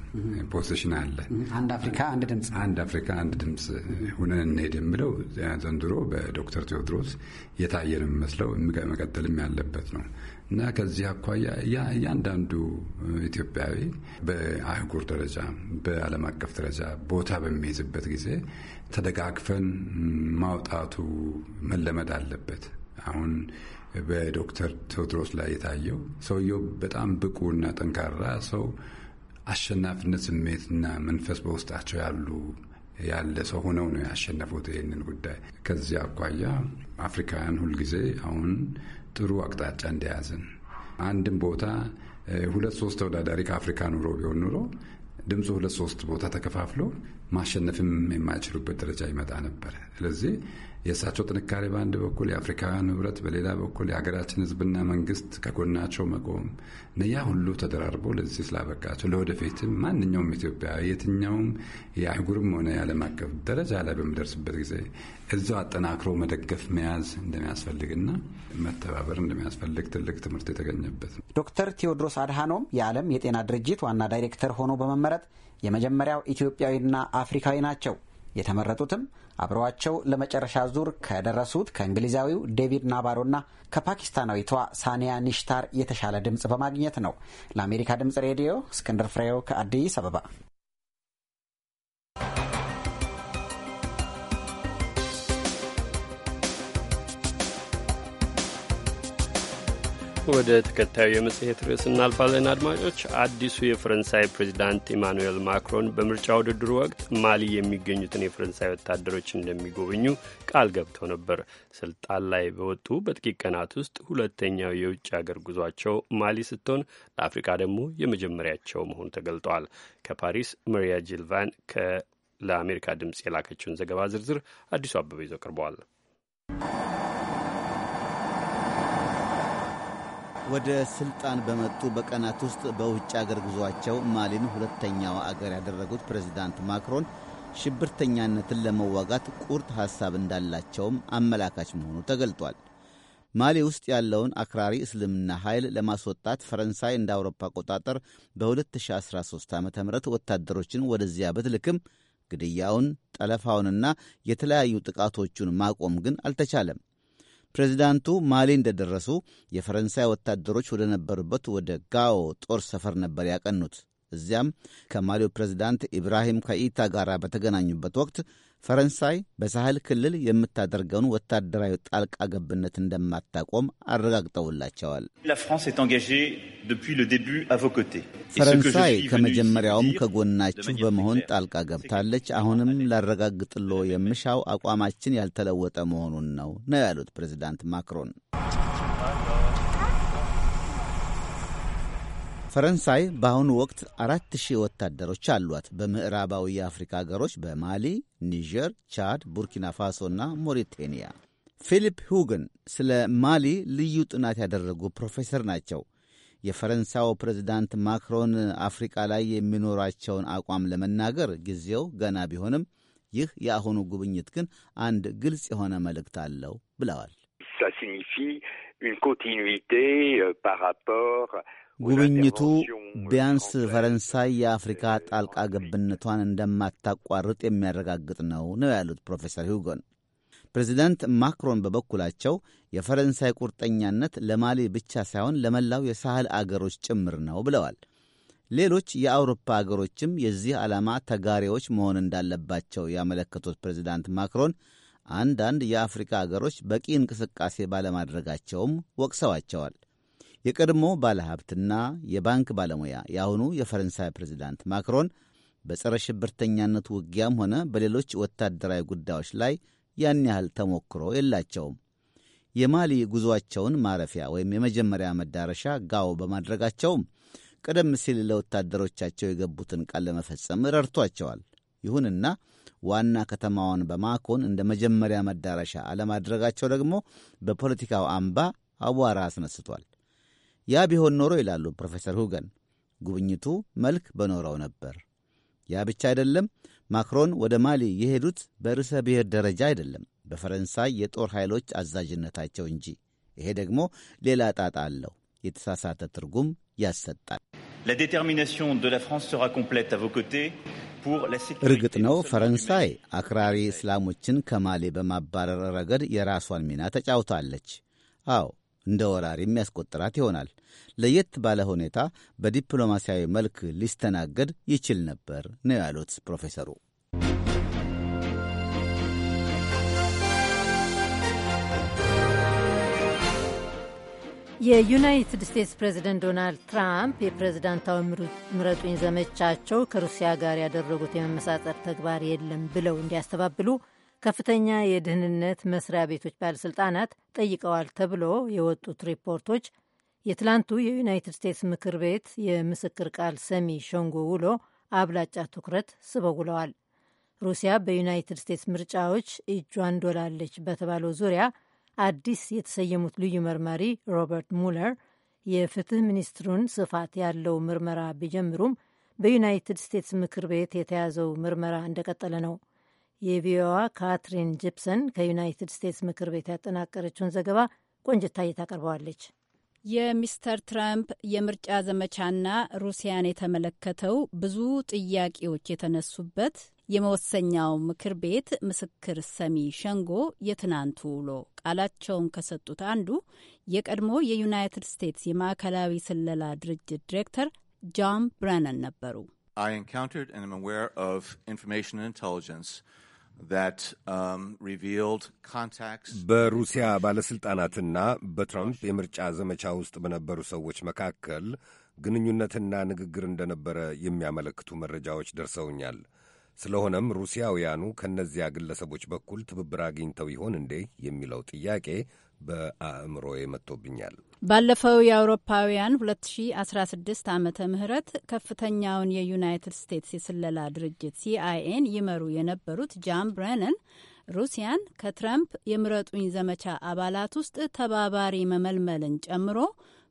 ፖዚሽን አለ። አንድ አፍሪካ አንድ ድምፅ፣ አንድ አፍሪካ አንድ ድምፅ ሁነን እንሄድ የምለው ዘንድሮ በዶክተር ቴዎድሮስ የታየ ነው የሚመስለው፣ መቀጠልም ያለበት ነው። እና ከዚህ አኳያ እያንዳንዱ ኢትዮጵያዊ በአህጉር ደረጃ በዓለም አቀፍ ደረጃ ቦታ በሚይዝበት ጊዜ ተደጋግፈን ማውጣቱ መለመድ አለበት። አሁን በዶክተር ቴዎድሮስ ላይ የታየው ሰውየው በጣም ብቁ እና ጠንካራ ሰው አሸናፊነት ስሜትና መንፈስ በውስጣቸው ያሉ ያለ ሰው ሆነው ነው ያሸነፉት ይህንን ጉዳይ። ከዚህ አኳያ አፍሪካውያን ሁልጊዜ አሁን ጥሩ አቅጣጫ እንደያዝን አንድም ቦታ ሁለት ሶስት ተወዳዳሪ ከአፍሪካ ኑሮ ቢሆን ኑሮ ድምፁ ሁለት ሶስት ቦታ ተከፋፍሎ ማሸነፍም የማይችሉበት ደረጃ ይመጣ ነበር። ስለዚህ የእሳቸው ጥንካሬ በአንድ በኩል የአፍሪካውያን ህብረት፣ በሌላ በኩል የሀገራችን ህዝብና መንግስት ከጎናቸው መቆም ነያ ሁሉ ተደራርቦ ለዚህ ስላበቃቸው ለወደፊትም ማንኛውም ኢትዮጵያዊ የትኛውም የአህጉርም ሆነ የዓለም አቀፍ ደረጃ ላይ በሚደርስበት ጊዜ እዛው አጠናክሮ መደገፍ መያዝ እንደሚያስፈልግና መተባበር እንደሚያስፈልግ ትልቅ ትምህርት የተገኘበት ነው። ዶክተር ቴዎድሮስ አድሃኖም የዓለም የጤና ድርጅት ዋና ዳይሬክተር ሆኖ በመመረጥ የመጀመሪያው ኢትዮጵያዊና አፍሪካዊ ናቸው። የተመረጡትም አብረዋቸው ለመጨረሻ ዙር ከደረሱት ከእንግሊዛዊው ዴቪድ ናባሮና ከፓኪስታናዊቷ ሳኒያ ኒሽታር የተሻለ ድምፅ በማግኘት ነው። ለአሜሪካ ድምፅ ሬዲዮ እስክንድር ፍሬው ከአዲስ አበባ ወደ ተከታዩ የመጽሔት ርዕስ እናልፋለን። አድማጮች፣ አዲሱ የፈረንሳይ ፕሬዚዳንት ኢማኑኤል ማክሮን በምርጫ ውድድሩ ወቅት ማሊ የሚገኙትን የፈረንሳይ ወታደሮች እንደሚጎበኙ ቃል ገብተው ነበር። ስልጣን ላይ በወጡ በጥቂት ቀናት ውስጥ ሁለተኛው የውጭ አገር ጉዟቸው ማሊ ስትሆን ለአፍሪካ ደግሞ የመጀመሪያቸው መሆኑ ተገልጧል። ከፓሪስ መሪያ ጂልቫን ለአሜሪካ ድምፅ የላከችውን ዘገባ ዝርዝር አዲሱ አበበ ይዘው ቀርበዋል። ወደ ስልጣን በመጡ በቀናት ውስጥ በውጭ አገር ጉዟቸው ማሊን ሁለተኛው አገር ያደረጉት ፕሬዚዳንት ማክሮን ሽብርተኛነትን ለመዋጋት ቁርጥ ሐሳብ እንዳላቸውም አመላካች መሆኑ ተገልጧል። ማሊ ውስጥ ያለውን አክራሪ እስልምና ኃይል ለማስወጣት ፈረንሳይ እንደ አውሮፓ አቆጣጠር በ2013 ዓ ም ወታደሮችን ወደዚያ ብትልክም ግድያውን፣ ጠለፋውንና የተለያዩ ጥቃቶቹን ማቆም ግን አልተቻለም። ፕሬዚዳንቱ ማሊ እንደደረሱ የፈረንሳይ ወታደሮች ወደ ነበሩበት ወደ ጋኦ ጦር ሰፈር ነበር ያቀኑት። እዚያም ከማሊው ፕሬዚዳንት ኢብራሂም ከኢታ ጋር በተገናኙበት ወቅት ፈረንሳይ በሳህል ክልል የምታደርገውን ወታደራዊ ጣልቃ ገብነት እንደማታቆም አረጋግጠውላቸዋል። ፈረንሳይ ከመጀመሪያውም ከጎናችሁ በመሆን ጣልቃ ገብታለች። አሁንም ላረጋግጥሎ የምሻው አቋማችን ያልተለወጠ መሆኑን ነው ነው ያሉት ፕሬዚዳንት ማክሮን። ፈረንሳይ በአሁኑ ወቅት አራት ሺህ ወታደሮች አሏት። በምዕራባዊ የአፍሪካ አገሮች በማሊ፣ ኒጀር፣ ቻድ፣ ቡርኪና ፋሶ እና ሞሪቴንያ። ፊሊፕ ሁግን ስለ ማሊ ልዩ ጥናት ያደረጉ ፕሮፌሰር ናቸው። የፈረንሳዩ ፕሬዚዳንት ማክሮን አፍሪቃ ላይ የሚኖራቸውን አቋም ለመናገር ጊዜው ገና ቢሆንም ይህ የአሁኑ ጉብኝት ግን አንድ ግልጽ የሆነ መልእክት አለው ብለዋል። ጉብኝቱ ቢያንስ ፈረንሳይ የአፍሪካ ጣልቃ ገብነቷን እንደማታቋርጥ የሚያረጋግጥ ነው ነው ያሉት ፕሮፌሰር ሂውጎን። ፕሬዚደንት ማክሮን በበኩላቸው የፈረንሳይ ቁርጠኛነት ለማሊ ብቻ ሳይሆን ለመላው የሳህል አገሮች ጭምር ነው ብለዋል። ሌሎች የአውሮፓ አገሮችም የዚህ ዓላማ ተጋሪዎች መሆን እንዳለባቸው ያመለከቱት ፕሬዚዳንት ማክሮን አንዳንድ የአፍሪካ አገሮች በቂ እንቅስቃሴ ባለማድረጋቸውም ወቅሰዋቸዋል። የቀድሞ ባለሀብትና የባንክ ባለሙያ የአሁኑ የፈረንሳይ ፕሬዚዳንት ማክሮን በጸረ ሽብርተኛነት ውጊያም ሆነ በሌሎች ወታደራዊ ጉዳዮች ላይ ያን ያህል ተሞክሮ የላቸውም። የማሊ ጉዞአቸውን ማረፊያ ወይም የመጀመሪያ መዳረሻ ጋው በማድረጋቸውም ቀደም ሲል ለወታደሮቻቸው የገቡትን ቃል ለመፈጸም ረድቷቸዋል። ይሁንና ዋና ከተማዋን በማኮን እንደ መጀመሪያ መዳረሻ አለማድረጋቸው ደግሞ በፖለቲካው አምባ አቧራ አስነስቷል። ያ ቢሆን ኖሮ ይላሉ ፕሮፌሰር ሁገን ጉብኝቱ መልክ በኖረው ነበር። ያ ብቻ አይደለም። ማክሮን ወደ ማሊ የሄዱት በርዕሰ ብሔር ደረጃ አይደለም፣ በፈረንሳይ የጦር ኃይሎች አዛዥነታቸው እንጂ። ይሄ ደግሞ ሌላ ጣጣ አለው፣ የተሳሳተ ትርጉም ያሰጣል። እርግጥ ነው ፈረንሳይ አክራሪ እስላሞችን ከማሊ በማባረር ረገድ የራሷን ሚና ተጫውታለች። አዎ እንደ ወራሪ የሚያስቆጥራት ይሆናል። ለየት ባለ ሁኔታ በዲፕሎማሲያዊ መልክ ሊስተናገድ ይችል ነበር ነው ያሉት ፕሮፌሰሩ። የዩናይትድ ስቴትስ ፕሬዝደንት ዶናልድ ትራምፕ የፕሬዚዳንታዊ ምረጡኝ ዘመቻቸው ከሩሲያ ጋር ያደረጉት የመመሳጠር ተግባር የለም ብለው እንዲያስተባብሉ ከፍተኛ የደህንነት መስሪያ ቤቶች ባለሥልጣናት ጠይቀዋል ተብሎ የወጡት ሪፖርቶች የትላንቱ የዩናይትድ ስቴትስ ምክር ቤት የምስክር ቃል ሰሚ ሸንጎ ውሎ አብላጫ ትኩረት ስበው ውለዋል። ሩሲያ በዩናይትድ ስቴትስ ምርጫዎች እጇን ዶላለች በተባለው ዙሪያ አዲስ የተሰየሙት ልዩ መርማሪ ሮበርት ሙለር የፍትህ ሚኒስትሩን ስፋት ያለው ምርመራ ቢጀምሩም በዩናይትድ ስቴትስ ምክር ቤት የተያዘው ምርመራ እንደቀጠለ ነው። የቪኦዋ ካትሪን ጂፕሰን ከዩናይትድ ስቴትስ ምክር ቤት ያጠናቀረችውን ዘገባ ቆንጅታዬ ታቀርበዋለች። የሚስተር ትራምፕ የምርጫ ዘመቻና ሩሲያን የተመለከተው ብዙ ጥያቄዎች የተነሱበት የመወሰኛው ምክር ቤት ምስክር ሰሚ ሸንጎ የትናንቱ ውሎ ቃላቸውን ከሰጡት አንዱ የቀድሞ የዩናይትድ ስቴትስ የማዕከላዊ ስለላ ድርጅት ዲሬክተር ጆን ብረነን ነበሩ። Um, በሩሲያ ባለሥልጣናትና በትራምፕ የምርጫ ዘመቻ ውስጥ በነበሩ ሰዎች መካከል ግንኙነትና ንግግር እንደነበረ የሚያመለክቱ መረጃዎች ደርሰውኛል። ስለሆነም ሩሲያውያኑ ከእነዚያ ግለሰቦች በኩል ትብብር አግኝተው ይሆን እንዴ የሚለው ጥያቄ በአእምሮዬ መጥቶብኛል። ባለፈው የአውሮፓውያን 2016 ዓመተ ምህረት ከፍተኛውን የዩናይትድ ስቴትስ የስለላ ድርጅት ሲአይኤን ይመሩ የነበሩት ጃን ብሬነን ሩሲያን ከትራምፕ የምረጡኝ ዘመቻ አባላት ውስጥ ተባባሪ መመልመልን ጨምሮ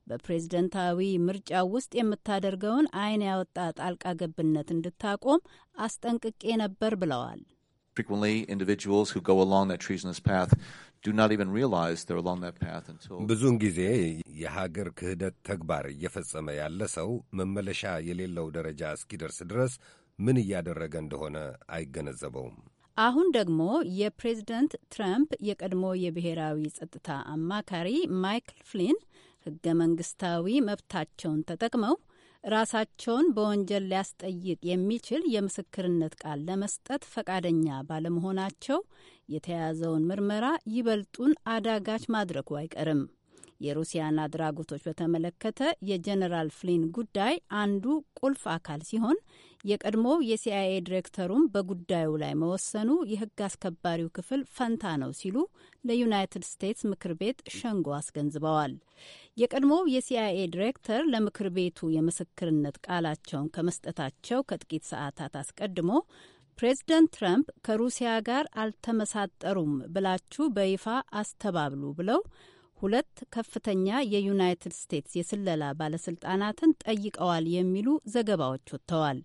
በፕሬዝደንታዊ ምርጫው ውስጥ የምታደርገውን አይን ያወጣ ጣልቃ ገብነት እንድታቆም አስጠንቅቄ ነበር ብለዋል። frequently individuals who go along that treasonous path do not even realize they're along that path until ብዙውን ጊዜ የሀገር ክህደት ተግባር እየፈጸመ ያለ ሰው መመለሻ የሌለው ደረጃ እስኪደርስ ድረስ ምን እያደረገ እንደሆነ አይገነዘበውም። አሁን ደግሞ የፕሬዝደንት ትራምፕ የቀድሞ የብሔራዊ ጸጥታ አማካሪ ማይክል ፍሊን ህገ መንግስታዊ መብታቸውን ተጠቅመው ራሳቸውን በወንጀል ሊያስጠይቅ የሚችል የምስክርነት ቃል ለመስጠት ፈቃደኛ ባለመሆናቸው የተያዘውን ምርመራ ይበልጡን አዳጋች ማድረጉ አይቀርም። የሩሲያን አድራጎቶች በተመለከተ የጀኔራል ፍሊን ጉዳይ አንዱ ቁልፍ አካል ሲሆን የቀድሞው የሲአይኤ ዲሬክተሩም በጉዳዩ ላይ መወሰኑ የህግ አስከባሪው ክፍል ፈንታ ነው ሲሉ ለዩናይትድ ስቴትስ ምክር ቤት ሸንጎ አስገንዝበዋል። የቀድሞው የሲአይኤ ዲሬክተር ለምክር ቤቱ የምስክርነት ቃላቸውን ከመስጠታቸው ከጥቂት ሰዓታት አስቀድሞ ፕሬዚደንት ትራምፕ ከሩሲያ ጋር አልተመሳጠሩም ብላችሁ በይፋ አስተባብሉ ብለው ሁለት ከፍተኛ የዩናይትድ ስቴትስ የስለላ ባለስልጣናትን ጠይቀዋል የሚሉ ዘገባዎች ወጥተዋል።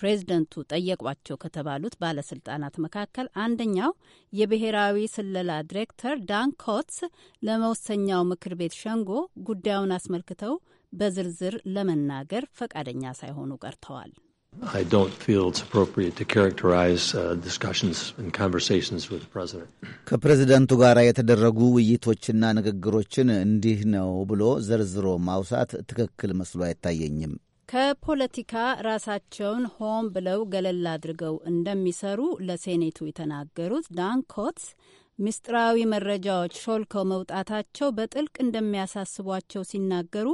ፕሬዝደንቱ ጠየቋቸው ከተባሉት ባለስልጣናት መካከል አንደኛው የብሔራዊ ስለላ ዲሬክተር ዳን ኮትስ ለመወሰኛው ምክር ቤት ሸንጎ ጉዳዩን አስመልክተው በዝርዝር ለመናገር ፈቃደኛ ሳይሆኑ ቀርተዋል። uh, ከፕሬዝደንቱ ጋር የተደረጉ ውይይቶችና ንግግሮችን እንዲህ ነው ብሎ ዘርዝሮ ማውሳት ትክክል መስሎ አይታየኝም ከፖለቲካ ራሳቸውን ሆን ብለው ገለል አድርገው እንደሚሰሩ ለሴኔቱ የተናገሩት ዳን ኮትስ ምስጢራዊ መረጃዎች ሾልከው መውጣታቸው በጥልቅ እንደሚያሳስቧቸው ሲናገሩ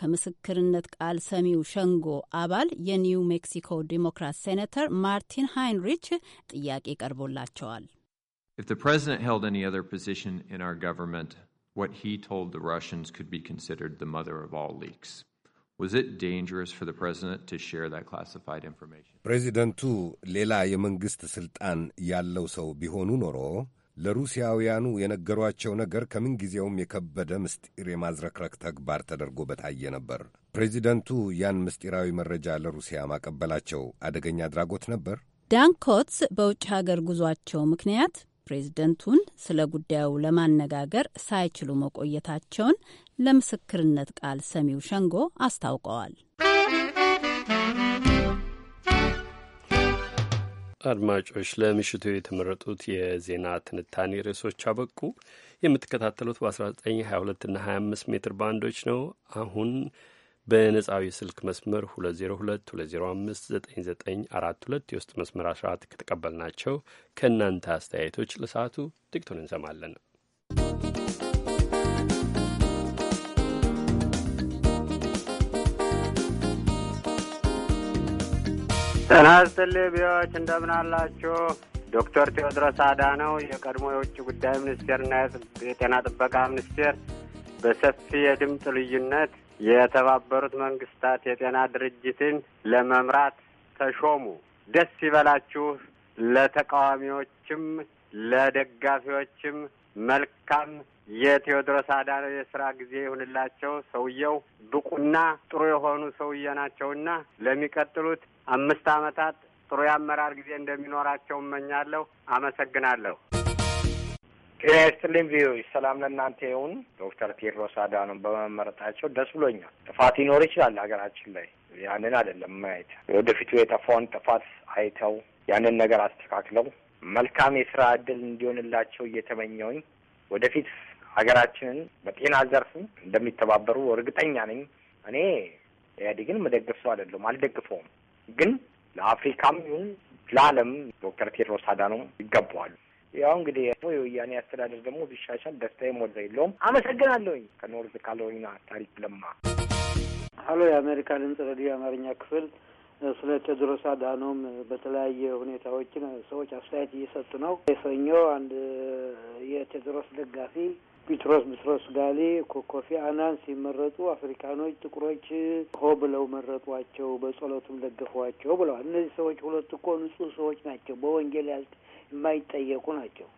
ከምስክርነት ቃል ሰሚው ሸንጎ አባል የኒው ሜክሲኮ ዲሞክራት ሴኔተር ማርቲን ሃይንሪች ጥያቄ ቀርቦላቸዋል። ፕሬዚደንቱ ሌላ የመንግሥት ሥልጣን ያለው ሰው ቢሆኑ ኖሮ ለሩሲያውያኑ የነገሯቸው ነገር ከምንጊዜውም የከበደ ምስጢር የማዝረክረክ ተግባር ተደርጎ በታየ ነበር። ፕሬዚደንቱ ያን ምስጢራዊ መረጃ ለሩሲያ ማቀበላቸው አደገኛ አድራጎት ነበር። ዳንኮትስ በውጭ ሀገር ጉዟቸው ምክንያት ፕሬዝደንቱን ስለ ጉዳዩ ለማነጋገር ሳይችሉ መቆየታቸውን ለምስክርነት ቃል ሰሚው ሸንጎ አስታውቀዋል። አድማጮች፣ ለምሽቱ የተመረጡት የዜና ትንታኔ ርዕሶች አበቁ። የምትከታተሉት በ1922 እና 25 ሜትር ባንዶች ነው። አሁን በነጻዊ ስልክ መስመር 2022059942 የውስጥ መስመር 14 ከተቀበልናቸው ከእናንተ አስተያየቶች ለሰዓቱ ጥቂቱን እንሰማለን። ጤና ይስጥልኝ ቢዎች እንደምን አላችሁ? ዶክተር ቴዎድሮስ አዳነው የቀድሞ የውጭ ጉዳይ ሚኒስቴርና የጤና ጥበቃ ሚኒስቴር በሰፊ የድምፅ ልዩነት የተባበሩት መንግስታት የጤና ድርጅትን ለመምራት ተሾሙ። ደስ ይበላችሁ። ለተቃዋሚዎችም ለደጋፊዎችም መልካም የቴዎድሮስ አዳነ የስራ ጊዜ ይሁንላቸው። ሰውየው ብቁና ጥሩ የሆኑ ሰውዬ ናቸውና ለሚቀጥሉት አምስት ዓመታት ጥሩ የአመራር ጊዜ እንደሚኖራቸው እመኛለሁ። አመሰግናለሁ። ጤና ይስጥልኝ ቪኦኤ። ሰላም ለእናንተ ይሁን። ዶክተር ቴድሮስ አዳኖም በመመረጣቸው ደስ ብሎኛል። ጥፋት ይኖር ይችላል ሀገራችን ላይ ያንን አይደለም ማየት ወደፊቱ የጠፋውን ጥፋት አይተው ያንን ነገር አስተካክለው መልካም የስራ እድል እንዲሆንላቸው እየተመኘውኝ ወደፊት ሀገራችንን በጤና ዘርፍ እንደሚተባበሩ እርግጠኛ ነኝ። እኔ ኢህአዴግን መደግፍ ሰው አይደለሁም፣ አልደግፈውም። ግን ለአፍሪካም ይሁን ለዓለም ዶክተር ቴድሮስ አዳኖም ይገባዋሉ። ያው እንግዲህ የወያኔ አስተዳደር ደግሞ ቢሻሻል ደስታዬም ወዛ የለውም። አመሰግናለሁኝ። ከኖርዝ ካሎሪና ታሪክ ለማ። ሀሎ፣ የአሜሪካ ድምጽ ሬዲዮ የአማርኛ ክፍል ስለ ቴዎድሮስ አድሃኖም በተለያየ ሁኔታዎችን ሰዎች አስተያየት እየሰጡ ነው። የሰኞ አንድ የቴድሮስ ደጋፊ ጴጥሮስ ብትሮስ ጋሌ ኮኮፊ አናን ሲመረጡ አፍሪካኖች ጥቁሮች ሆ ብለው መረጧቸው፣ በጸሎቱም ደግፏቸው ብለዋል። እነዚህ ሰዎች ሁለት እኮ ንጹህ ሰዎች ናቸው፣ በወንጌል ያል የማይጠየቁ ናቸው።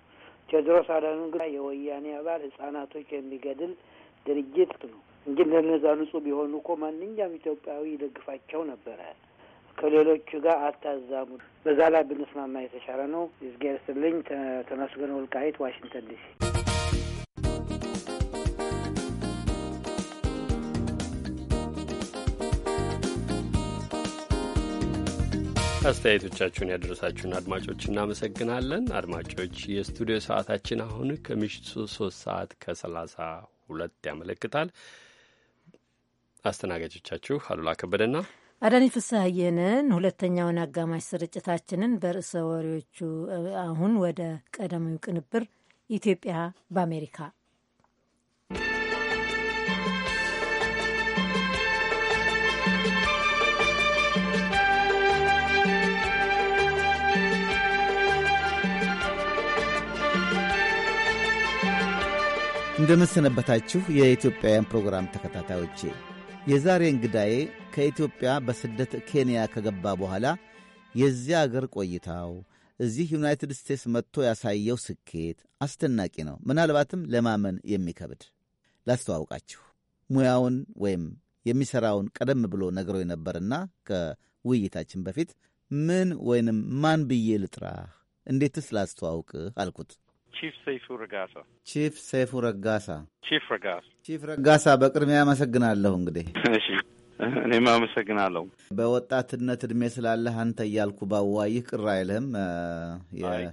ቴድሮስ አዳኑ ግን የወያኔ አባል ህጻናቶች የሚገድል ድርጅት ነው እንጂ እንደነዛ ንጹህ ቢሆኑ እኮ ማንኛውም ኢትዮጵያዊ ይደግፋቸው ነበረ። ከሌሎቹ ጋር አታዛሙ። በዛ ላይ ብንስማማ የተሻለ ነው። ይዝጌርስልኝ ተመስገን ወልቃይት ዋሽንግተን ዲሲ አስተያየቶቻችሁን ያደረሳችሁን አድማጮች እናመሰግናለን። አድማጮች የስቱዲዮ ሰዓታችን አሁን ከምሽቱ ሶስት ሰዓት ከሰላሳ ሁለት ያመለክታል። አስተናጋጆቻችሁ አሉላ ከበደና አዳኒ ፍስሐየንን። ሁለተኛውን አጋማሽ ስርጭታችንን በርዕሰ ወሬዎቹ አሁን ወደ ቀዳሚው ቅንብር ኢትዮጵያ በአሜሪካ እንደምንሰነበታችሁ የኢትዮጵያውያን ፕሮግራም ተከታታዮቼ፣ የዛሬ እንግዳዬ ከኢትዮጵያ በስደት ኬንያ ከገባ በኋላ የዚያ አገር ቆይታው እዚህ ዩናይትድ ስቴትስ መጥቶ ያሳየው ስኬት አስደናቂ ነው፣ ምናልባትም ለማመን የሚከብድ። ላስተዋውቃችሁ ሙያውን ወይም የሚሠራውን ቀደም ብሎ ነግሮ ነበርና ከውይይታችን በፊት ምን ወይንም ማን ብዬ ልጥራህ፣ እንዴትስ ላስተዋውቅህ አልኩት። ቺፍ ሰይፉ ረጋሳ ቺፍ ሰይፉ ረጋሳ ቺፍ ረጋሳ ቺፍ ረጋሳ በቅድሚያ አመሰግናለሁ። እንግዲህ እኔም አመሰግናለሁ። በወጣትነት እድሜ ስላለህ አንተ እያልኩ ባዋይህ ቅር አይልህም?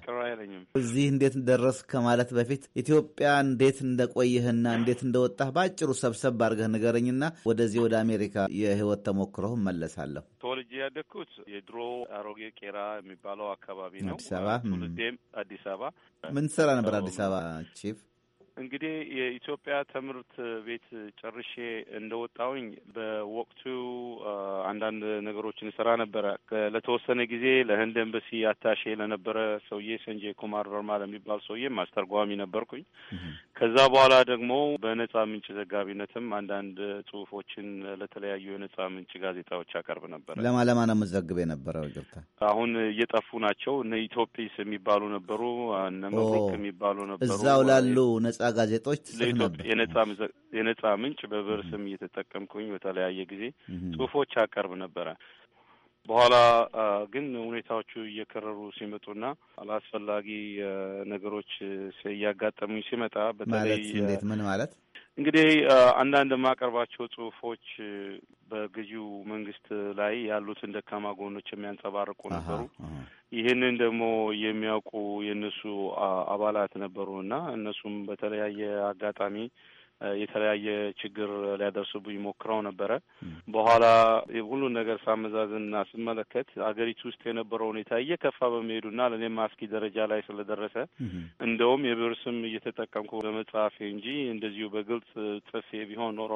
ቅር አይለኝም። እዚህ እንዴት ደረስ ከማለት በፊት ኢትዮጵያ እንዴት እንደቆየህና እንዴት እንደወጣህ በአጭሩ ሰብሰብ አድርገህ ንገረኝና ወደዚህ ወደ አሜሪካ የህይወት ተሞክሮህ እመለሳለሁ። ተወልጄ ያደግኩት የድሮ አሮጌ ቄራ የሚባለው አካባቢ ነው። አዲስ አበባ አዲስ አበባ ምን ትሰራ ነበር? አዲስ አበባ ቺፍ እንግዲህ የኢትዮጵያ ትምህርት ቤት ጨርሼ እንደወጣሁኝ በወቅቱ አንዳንድ ነገሮችን ስራ ነበረ። ለተወሰነ ጊዜ ለህንድ ኤምባሲ አታሼ ለነበረ ሰውዬ ሰንጄ ኩማር ቨርማ ለሚባል ሰውዬ ማስተርጓሚ ነበርኩኝ። ከዛ በኋላ ደግሞ በነጻ ምንጭ ዘጋቢነትም አንዳንድ ጽሁፎችን ለተለያዩ የነጻ ምንጭ ጋዜጣዎች አቀርብ ነበር። ለማ ለማ ነው የምዘግብ የነበረው? ይቅርታ አሁን እየጠፉ ናቸው። እነ ኢትዮጲስ የሚባሉ ነበሩ፣ እነ መብሩክ የሚባሉ ነበሩ። እዛው ላሉ ነጻ ጋዜጦች የነጻ ምንጭ በብር ስም እየተጠቀምኩኝ በተለያየ ጊዜ ጽሁፎች አቀርብ ነበረ። በኋላ ግን ሁኔታዎቹ እየከረሩ ሲመጡና አላስፈላጊ ነገሮች እያጋጠሙኝ ሲመጣ በተለይ ምን ማለት እንግዲህ አንዳንድ የማቀርባቸው ጽሁፎች በገዢው መንግስት ላይ ያሉትን ደካማ ጎኖች የሚያንጸባርቁ ነበሩ። ይህንን ደግሞ የሚያውቁ የእነሱ አባላት ነበሩ እና እነሱም በተለያየ አጋጣሚ የተለያየ ችግር ሊያደርሱብኝ ይሞክረው ነበረ። በኋላ ሁሉን ነገር ሳመዛዝንና ስመለከት አገሪቱ ውስጥ የነበረው ሁኔታ እየከፋ በመሄዱና ለእኔም አስኪ ደረጃ ላይ ስለደረሰ እንደውም የብር ስም እየተጠቀምኩ ለመጽሐፌ እንጂ እንደዚሁ በግልጽ ጽፌ ቢሆን ኖሮ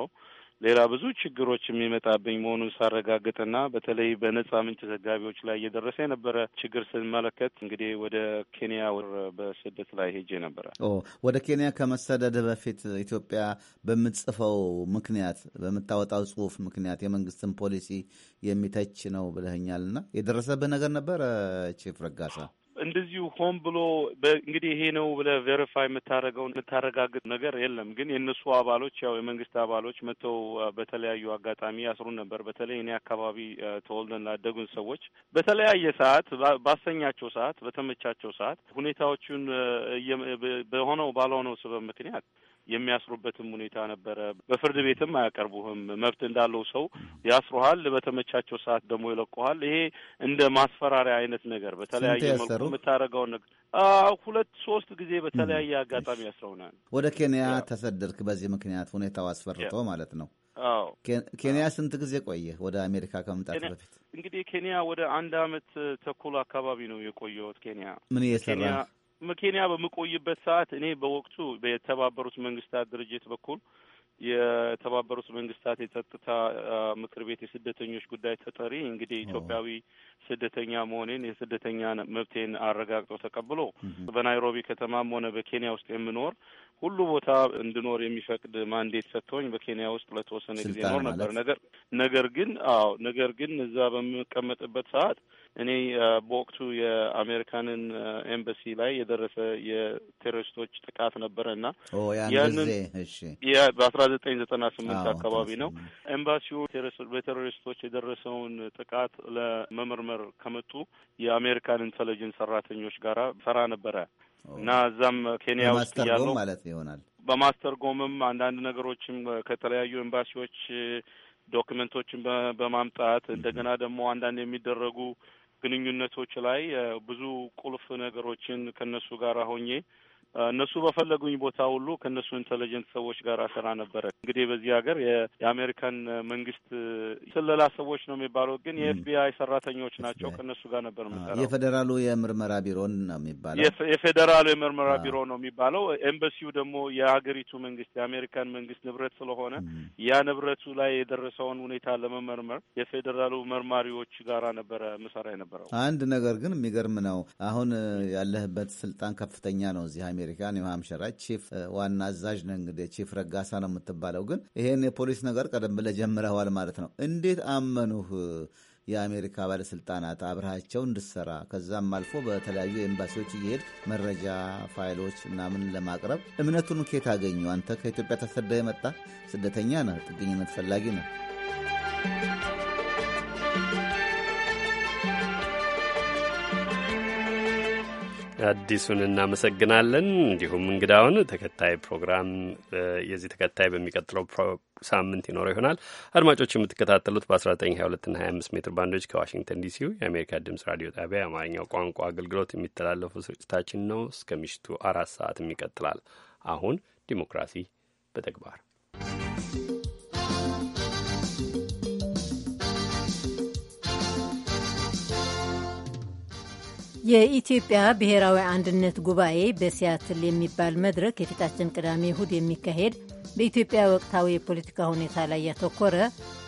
ሌላ ብዙ ችግሮች የሚመጣብኝ መሆኑን ሳረጋግጥና በተለይ በነጻ ምንጭ ዘጋቢዎች ላይ እየደረሰ የነበረ ችግር ስንመለከት እንግዲህ ወደ ኬንያ ወር በስደት ላይ ሄጄ ነበረ። ወደ ኬንያ ከመሰደድ በፊት ኢትዮጵያ በምትጽፈው ምክንያት በምታወጣው ጽሁፍ ምክንያት የመንግስትን ፖሊሲ የሚተች ነው ብለኸኛልና የደረሰብህ ነገር ነበረ ቺፍ ረጋሳ? እንደዚሁ ሆን ብሎ እንግዲህ ይሄ ነው ብለህ ቬሪፋይ የምታደርገውን የምታረጋግጥ ነገር የለም። ግን የእነሱ አባሎች ያው የመንግስት አባሎች መጥተው በተለያዩ አጋጣሚ ያስሩን ነበር። በተለይ እኔ አካባቢ ተወልደን ላደጉን ሰዎች በተለያየ ሰዓት፣ ባሰኛቸው ሰዓት፣ በተመቻቸው ሰዓት ሁኔታዎቹን በሆነው ባልሆነው ስበብ ምክንያት የሚያስሩበትም ሁኔታ ነበረ። በፍርድ ቤትም አያቀርቡህም። መብት እንዳለው ሰው ያስሩሃል፣ በተመቻቸው ሰዓት ደግሞ ይለቁሃል። ይሄ እንደ ማስፈራሪያ አይነት ነገር በተለያየ መልኩ የምታደርገውን ነገር ሁለት ሶስት ጊዜ በተለያየ አጋጣሚ ያስረውናል። ወደ ኬንያ ተሰደድክ። በዚህ ምክንያት ሁኔታው አስፈርቶ ማለት ነው። አዎ ኬንያ ስንት ጊዜ ቆየ ወደ አሜሪካ ከመምጣት በፊት እንግዲህ ኬንያ ወደ አንድ አመት ተኩል አካባቢ ነው የቆየሁት። ኬንያ ምን እየሰራ ኬንያ በምቆይበት ሰዓት እኔ በወቅቱ በተባበሩት መንግስታት ድርጅት በኩል የተባበሩት መንግስታት የጸጥታ ምክር ቤት የስደተኞች ጉዳይ ተጠሪ እንግዲህ ኢትዮጵያዊ ስደተኛ መሆኔን የስደተኛ መብቴን አረጋግጦ ተቀብሎ በናይሮቢ ከተማም ሆነ በኬንያ ውስጥ የምኖር ሁሉ ቦታ እንድኖር የሚፈቅድ ማንዴት ሰጥቶኝ በኬንያ ውስጥ ለተወሰነ ጊዜ ኖር ነበር። ነገር ነገር ግን አዎ ነገር ግን እዛ በምቀመጥበት ሰዓት እኔ በወቅቱ የአሜሪካንን ኤምባሲ ላይ የደረሰ የቴሮሪስቶች ጥቃት ነበረ እና ያንን በአስራ ዘጠኝ ዘጠና ስምንት አካባቢ ነው ኤምባሲው በቴሮሪስቶች የደረሰውን ጥቃት ለመመርመር ከመጡ የአሜሪካን ኢንተለጀንስ ሰራተኞች ጋራ ሰራ ነበረ እና እዛም ኬንያ ውስጥ ያለው ማለት ይሆናል በማስተርጎምም አንዳንድ ነገሮችም ከተለያዩ ኤምባሲዎች ዶክመንቶችን በማምጣት እንደገና ደግሞ አንዳንድ የሚደረጉ ግንኙነቶች ላይ ብዙ ቁልፍ ነገሮችን ከነሱ ጋር ሆኜ እነሱ በፈለጉኝ ቦታ ሁሉ ከእነሱ ኢንቴሊጀንት ሰዎች ጋር ስራ ነበረ። እንግዲህ በዚህ ሀገር የአሜሪካን መንግስት ስለላ ሰዎች ነው የሚባለው፣ ግን የኤፍቢአይ ሰራተኞች ናቸው። ከእነሱ ጋር ነበር የምሰራው። የፌዴራሉ የምርመራ ቢሮ ነው የሚባለው፣ የፌዴራሉ የምርመራ ቢሮ ነው የሚባለው። ኤምባሲው ደግሞ የሀገሪቱ መንግስት የአሜሪካን መንግስት ንብረት ስለሆነ ያ ንብረቱ ላይ የደረሰውን ሁኔታ ለመመርመር የፌዴራሉ መርማሪዎች ጋራ ነበረ ምሰራ የነበረው። አንድ ነገር ግን የሚገርም ነው። አሁን ያለህበት ስልጣን ከፍተኛ ነው እዚህ አሜሪካ ኒው ሃምፕሻር ቺፍ ዋና አዛዥ ነው እንግዲህ ቺፍ ረጋሳ ነው የምትባለው። ግን ይሄን የፖሊስ ነገር ቀደም ብለህ ጀምረዋል ማለት ነው። እንዴት አመኑህ የአሜሪካ ባለስልጣናት አብረሃቸው እንድሰራ ከዛም አልፎ በተለያዩ ኤምባሲዎች እየሄድ መረጃ ፋይሎች ምናምን ለማቅረብ እምነቱን ኬት አገኙ? አንተ ከኢትዮጵያ ተሰደህ የመጣ ስደተኛ ነህ፣ ጥገኝነት ፈላጊ ነው። አዲሱን እናመሰግናለን። እንዲሁም እንግዳውን ተከታይ ፕሮግራም የዚህ ተከታይ በሚቀጥለው ሳምንት ይኖረው ይሆናል። አድማጮች የምትከታተሉት በ1922 እና 25 ሜትር ባንዶች ከዋሽንግተን ዲሲው የአሜሪካ ድምጽ ራዲዮ ጣቢያ የአማርኛው ቋንቋ አገልግሎት የሚተላለፉ ስርጭታችን ነው። እስከ ምሽቱ አራት ሰዓትም ይቀጥላል። አሁን ዲሞክራሲ በተግባር የኢትዮጵያ ብሔራዊ አንድነት ጉባኤ በሲያትል የሚባል መድረክ የፊታችን ቅዳሜ እሁድ የሚካሄድ በኢትዮጵያ ወቅታዊ የፖለቲካ ሁኔታ ላይ ያተኮረ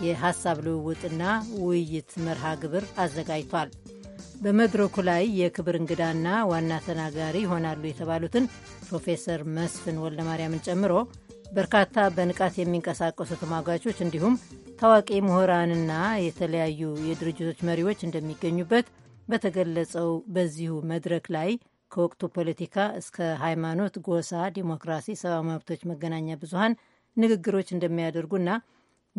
የሀሳብ ልውውጥና ውይይት መርሃ ግብር አዘጋጅቷል። በመድረኩ ላይ የክብር እንግዳና ዋና ተናጋሪ ይሆናሉ የተባሉትን ፕሮፌሰር መስፍን ወልደማርያምን ጨምሮ በርካታ በንቃት የሚንቀሳቀሱ ተሟጋቾች እንዲሁም ታዋቂ ምሁራንና የተለያዩ የድርጅቶች መሪዎች እንደሚገኙበት በተገለጸው በዚሁ መድረክ ላይ ከወቅቱ ፖለቲካ እስከ ሃይማኖት፣ ጎሳ፣ ዲሞክራሲ፣ ሰብአዊ መብቶች፣ መገናኛ ብዙሀን ንግግሮች እንደሚያደርጉና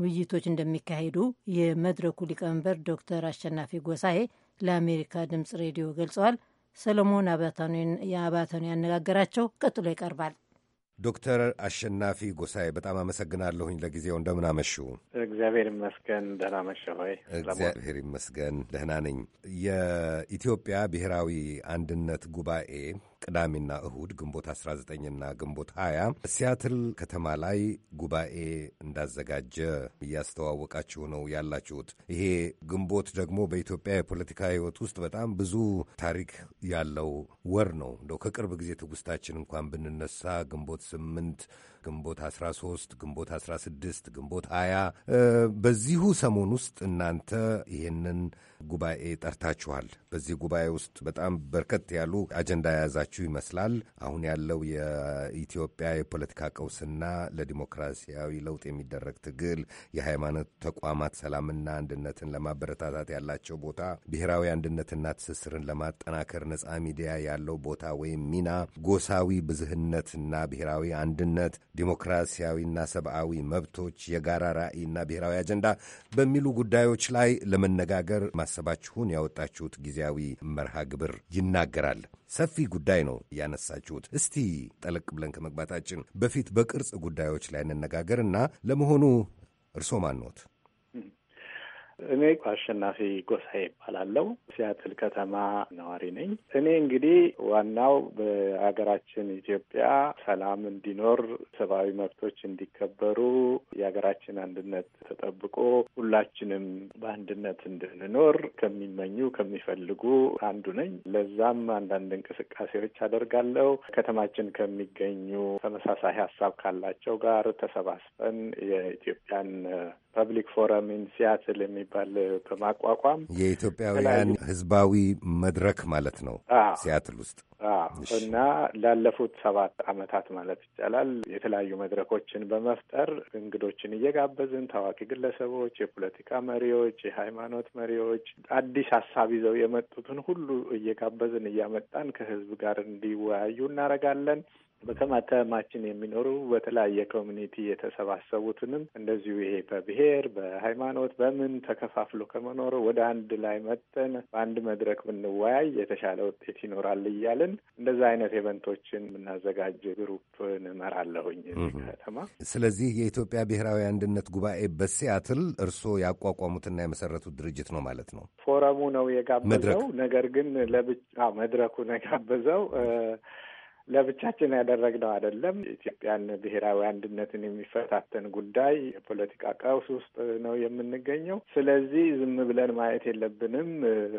ውይይቶች እንደሚካሄዱ የመድረኩ ሊቀመንበር ዶክተር አሸናፊ ጎሳኤ ለአሜሪካ ድምጽ ሬዲዮ ገልጸዋል። ሰለሞን አባታኑን ያነጋገራቸው ቀጥሎ ይቀርባል። ዶክተር አሸናፊ ጎሳዬ በጣም አመሰግናለሁኝ። ለጊዜው እንደምን አመሹ? እግዚአብሔር ይመስገን ደህና መሸ ሆይ። እግዚአብሔር ይመስገን ደህና ነኝ። የኢትዮጵያ ብሔራዊ አንድነት ጉባኤ ቅዳሜና እሁድ ግንቦት 19ና ግንቦት 20 ሲያትል ከተማ ላይ ጉባኤ እንዳዘጋጀ እያስተዋወቃችሁ ነው ያላችሁት። ይሄ ግንቦት ደግሞ በኢትዮጵያ የፖለቲካ ሕይወት ውስጥ በጣም ብዙ ታሪክ ያለው ወር ነው። እንደው ከቅርብ ጊዜ ትውስታችን እንኳን ብንነሳ ግንቦት 8 ግንቦት 13፣ ግንቦት 16፣ ግንቦት 20 በዚሁ ሰሞን ውስጥ እናንተ ይህንን ጉባኤ ጠርታችኋል። በዚህ ጉባኤ ውስጥ በጣም በርከት ያሉ አጀንዳ የያዛችሁ ይመስላል። አሁን ያለው የኢትዮጵያ የፖለቲካ ቀውስና ለዲሞክራሲያዊ ለውጥ የሚደረግ ትግል፣ የሃይማኖት ተቋማት ሰላምና አንድነትን ለማበረታታት ያላቸው ቦታ፣ ብሔራዊ አንድነትና ትስስርን ለማጠናከር ነፃ ሚዲያ ያለው ቦታ ወይም ሚና፣ ጎሳዊ ብዝህነትና ብሔራዊ አንድነት፣ ዲሞክራሲያዊና ሰብአዊ መብቶች፣ የጋራ ራዕይና ብሔራዊ አጀንዳ በሚሉ ጉዳዮች ላይ ለመነጋገር ማሰባችሁን ያወጣችሁት ጊዜ ጊዜያዊ መርሃ ግብር ይናገራል። ሰፊ ጉዳይ ነው ያነሳችሁት። እስቲ ጠለቅ ብለን ከመግባታችን በፊት በቅርጽ ጉዳዮች ላይ እንነጋገርና ለመሆኑ እርሶ ማንኖት? እኔ አሸናፊ ጎሳዬ ይባላለው። ሲያትል ከተማ ነዋሪ ነኝ። እኔ እንግዲህ ዋናው በሀገራችን ኢትዮጵያ ሰላም እንዲኖር፣ ሰብአዊ መብቶች እንዲከበሩ፣ የሀገራችን አንድነት ተጠብቆ ሁላችንም በአንድነት እንድንኖር ከሚመኙ ከሚፈልጉ አንዱ ነኝ። ለዛም አንዳንድ እንቅስቃሴዎች አደርጋለው ከተማችን ከሚገኙ ተመሳሳይ ሀሳብ ካላቸው ጋር ተሰባስበን የኢትዮጵያን ፐብሊክ ፎረም ኢን ሲያትል የሚባል በማቋቋም የኢትዮጵያውያን ህዝባዊ መድረክ ማለት ነው ሲያትል ውስጥ እና ላለፉት ሰባት አመታት ማለት ይቻላል የተለያዩ መድረኮችን በመፍጠር እንግዶችን እየጋበዝን ታዋቂ ግለሰቦች፣ የፖለቲካ መሪዎች፣ የሃይማኖት መሪዎች አዲስ ሀሳብ ይዘው የመጡትን ሁሉ እየጋበዝን እያመጣን ከህዝብ ጋር እንዲወያዩ እናደርጋለን። በከማተማችን የሚኖሩ በተለያየ ኮሚኒቲ የተሰባሰቡትንም እንደዚሁ ይሄ በብሔር በሃይማኖት በምን ተከፋፍሎ ከመኖሩ ወደ አንድ ላይ መጠን በአንድ መድረክ ብንወያይ የተሻለ ውጤት ይኖራል እያልን እንደዛ አይነት ኢቨንቶችን የምናዘጋጅ ግሩፕ እንመራለሁኝ ከተማ። ስለዚህ የኢትዮጵያ ብሔራዊ አንድነት ጉባኤ በሲያትል እርስዎ ያቋቋሙትና የመሰረቱት ድርጅት ነው ማለት ነው። ፎረሙ ነው የጋበዘው ነገር ግን ለብቻ መድረኩ ነው የጋበዘው ለብቻችን ያደረግነው አይደለም። ኢትዮጵያን ብሔራዊ አንድነትን የሚፈታተን ጉዳይ የፖለቲካ ቀውስ ውስጥ ነው የምንገኘው። ስለዚህ ዝም ብለን ማየት የለብንም።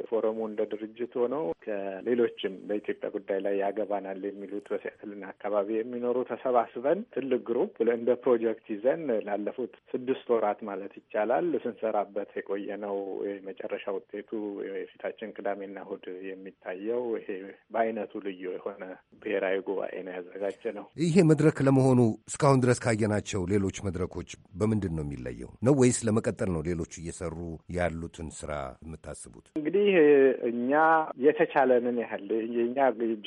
ፎረሙ እንደ ድርጅት ሆኖ ከሌሎችም በኢትዮጵያ ጉዳይ ላይ ያገባናል የሚሉት በሲያትልና አካባቢ የሚኖሩ ተሰባስበን ትልቅ ግሩፕ እንደ ፕሮጀክት ይዘን ላለፉት ስድስት ወራት ማለት ይቻላል ስንሰራበት የቆየነው የመጨረሻ ውጤቱ የፊታችን ቅዳሜና እሁድ የሚታየው ይሄ በአይነቱ ልዩ የሆነ ብሔራዊ ብሔራዊ ጉባኤ ነው ያዘጋጀ ነው። ይሄ መድረክ ለመሆኑ እስካሁን ድረስ ካየናቸው ሌሎች መድረኮች በምንድን ነው የሚለየው? ነው ወይስ ለመቀጠል ነው ሌሎቹ እየሰሩ ያሉትን ስራ የምታስቡት? እንግዲህ እኛ የተቻለንን ያህል የእኛ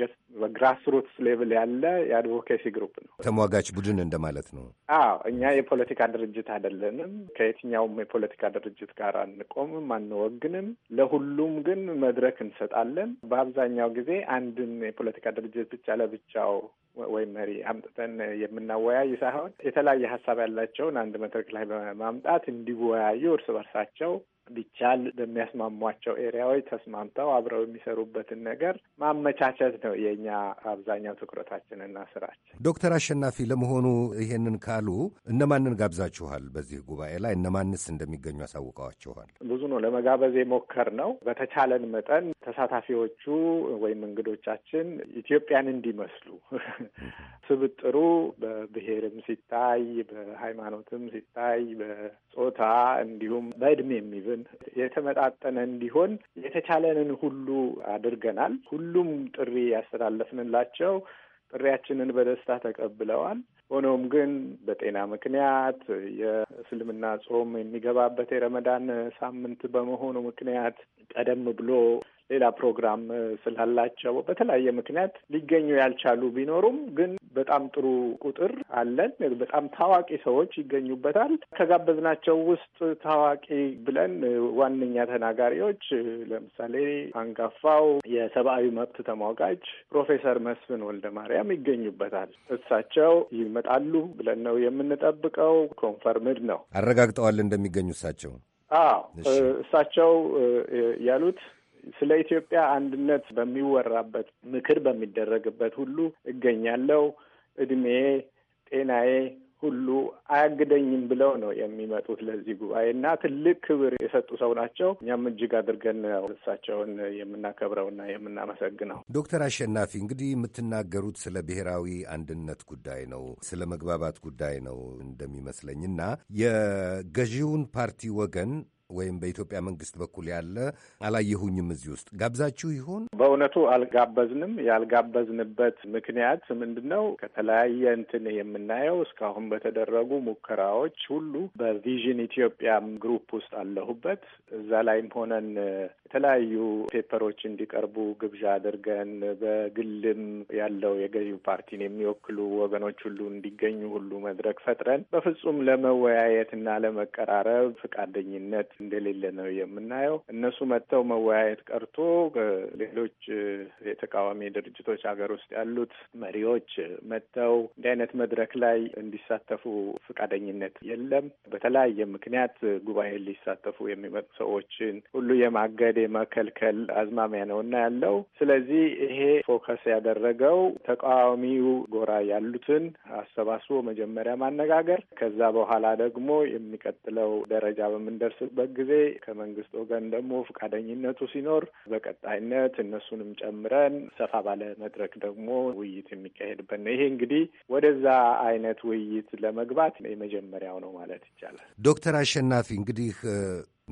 ጀስት በግራስሩትስ ሌቭል ያለ የአድቮኬሲ ግሩፕ ነው። ተሟጋች ቡድን እንደማለት ነው። አዎ፣ እኛ የፖለቲካ ድርጅት አይደለንም። ከየትኛውም የፖለቲካ ድርጅት ጋር አንቆምም፣ አንወግንም። ለሁሉም ግን መድረክ እንሰጣለን። በአብዛኛው ጊዜ አንድን የፖለቲካ ድርጅት ብቻ ለብቻው ወይም መሪ አምጥተን የምናወያይ ሳይሆን የተለያየ ሀሳብ ያላቸውን አንድ መድረክ ላይ በማምጣት እንዲወያዩ እርስ በርሳቸው ቢቻል በሚያስማሟቸው ኤሪያዎች ተስማምተው አብረው የሚሰሩበትን ነገር ማመቻቸት ነው የእኛ አብዛኛው ትኩረታችንና ስራችን። ዶክተር አሸናፊ ለመሆኑ ይሄንን ካሉ እነማንን ጋብዛችኋል? በዚህ ጉባኤ ላይ እነማንስ እንደሚገኙ አሳውቀዋችኋል? ብዙ ነው ለመጋበዝ የሞከር ነው። በተቻለን መጠን ተሳታፊዎቹ ወይም እንግዶቻችን ኢትዮጵያን እንዲመስሉ ስብጥሩ በብሔርም ሲታይ፣ በሃይማኖትም ሲታይ፣ በጾታ እንዲሁም በእድሜ የሚብን የተመጣጠነ እንዲሆን የተቻለንን ሁሉ አድርገናል። ሁሉም ጥሪ ያስተላለፍንላቸው ጥሪያችንን በደስታ ተቀብለዋል። ሆኖም ግን በጤና ምክንያት የእስልምና ጾም የሚገባበት የረመዳን ሳምንት በመሆኑ ምክንያት ቀደም ብሎ ሌላ ፕሮግራም ስላላቸው በተለያየ ምክንያት ሊገኙ ያልቻሉ ቢኖሩም ግን በጣም ጥሩ ቁጥር አለን። በጣም ታዋቂ ሰዎች ይገኙበታል። ከጋበዝናቸው ውስጥ ታዋቂ ብለን ዋነኛ ተናጋሪዎች ለምሳሌ አንጋፋው የሰብአዊ መብት ተሟጋጅ ፕሮፌሰር መስፍን ወልደ ማርያም ይገኙበታል። እሳቸው ይመጣሉ ብለን ነው የምንጠብቀው። ኮንፈርምድ ነው። አረጋግጠዋል እንደሚገኙ እሳቸው። አዎ እሳቸው ያሉት ስለ ኢትዮጵያ አንድነት በሚወራበት ምክር በሚደረግበት ሁሉ እገኛለሁ እድሜዬ፣ ጤናዬ ሁሉ አያግደኝም ብለው ነው የሚመጡት ለዚህ ጉባኤ እና ትልቅ ክብር የሰጡ ሰው ናቸው። እኛም እጅግ አድርገን ነው እሳቸውን የምናከብረውና የምናመሰግነው። ዶክተር አሸናፊ እንግዲህ የምትናገሩት ስለ ብሔራዊ አንድነት ጉዳይ ነው፣ ስለ መግባባት ጉዳይ ነው እንደሚመስለኝ እና የገዢውን ፓርቲ ወገን ወይም በኢትዮጵያ መንግስት በኩል ያለ አላየሁኝም። እዚህ ውስጥ ጋብዛችሁ ይሆን? በእውነቱ አልጋበዝንም። ያልጋበዝንበት ምክንያት ምንድን ነው? ከተለያየ እንትን የምናየው እስካሁን በተደረጉ ሙከራዎች ሁሉ በቪዥን ኢትዮጵያ ግሩፕ ውስጥ አለሁበት እዛ ላይም ሆነን የተለያዩ ፔፐሮች እንዲቀርቡ ግብዣ አድርገን በግልም ያለው የገዢው ፓርቲን የሚወክሉ ወገኖች ሁሉ እንዲገኙ ሁሉ መድረክ ፈጥረን በፍጹም ለመወያየት እና ለመቀራረብ ፈቃደኝነት እንደሌለ ነው የምናየው። እነሱ መጥተው መወያየት ቀርቶ ሌሎች የተቃዋሚ ድርጅቶች ሀገር ውስጥ ያሉት መሪዎች መጥተው እንዲህ አይነት መድረክ ላይ እንዲሳተፉ ፈቃደኝነት የለም። በተለያየ ምክንያት ጉባኤ ሊሳተፉ የሚመጡ ሰዎችን ሁሉ የማገድ የመከልከል አዝማሚያ ነው እና ያለው። ስለዚህ ይሄ ፎከስ ያደረገው ተቃዋሚው ጎራ ያሉትን አሰባስቦ መጀመሪያ ማነጋገር ከዛ በኋላ ደግሞ የሚቀጥለው ደረጃ በምንደርስበት በሚደረግ ጊዜ ከመንግስት ወገን ደግሞ ፈቃደኝነቱ ሲኖር በቀጣይነት እነሱንም ጨምረን ሰፋ ባለ መድረክ ደግሞ ውይይት የሚካሄድበት ነው። ይሄ እንግዲህ ወደዛ አይነት ውይይት ለመግባት የመጀመሪያው ነው ማለት ይቻላል። ዶክተር አሸናፊ እንግዲህ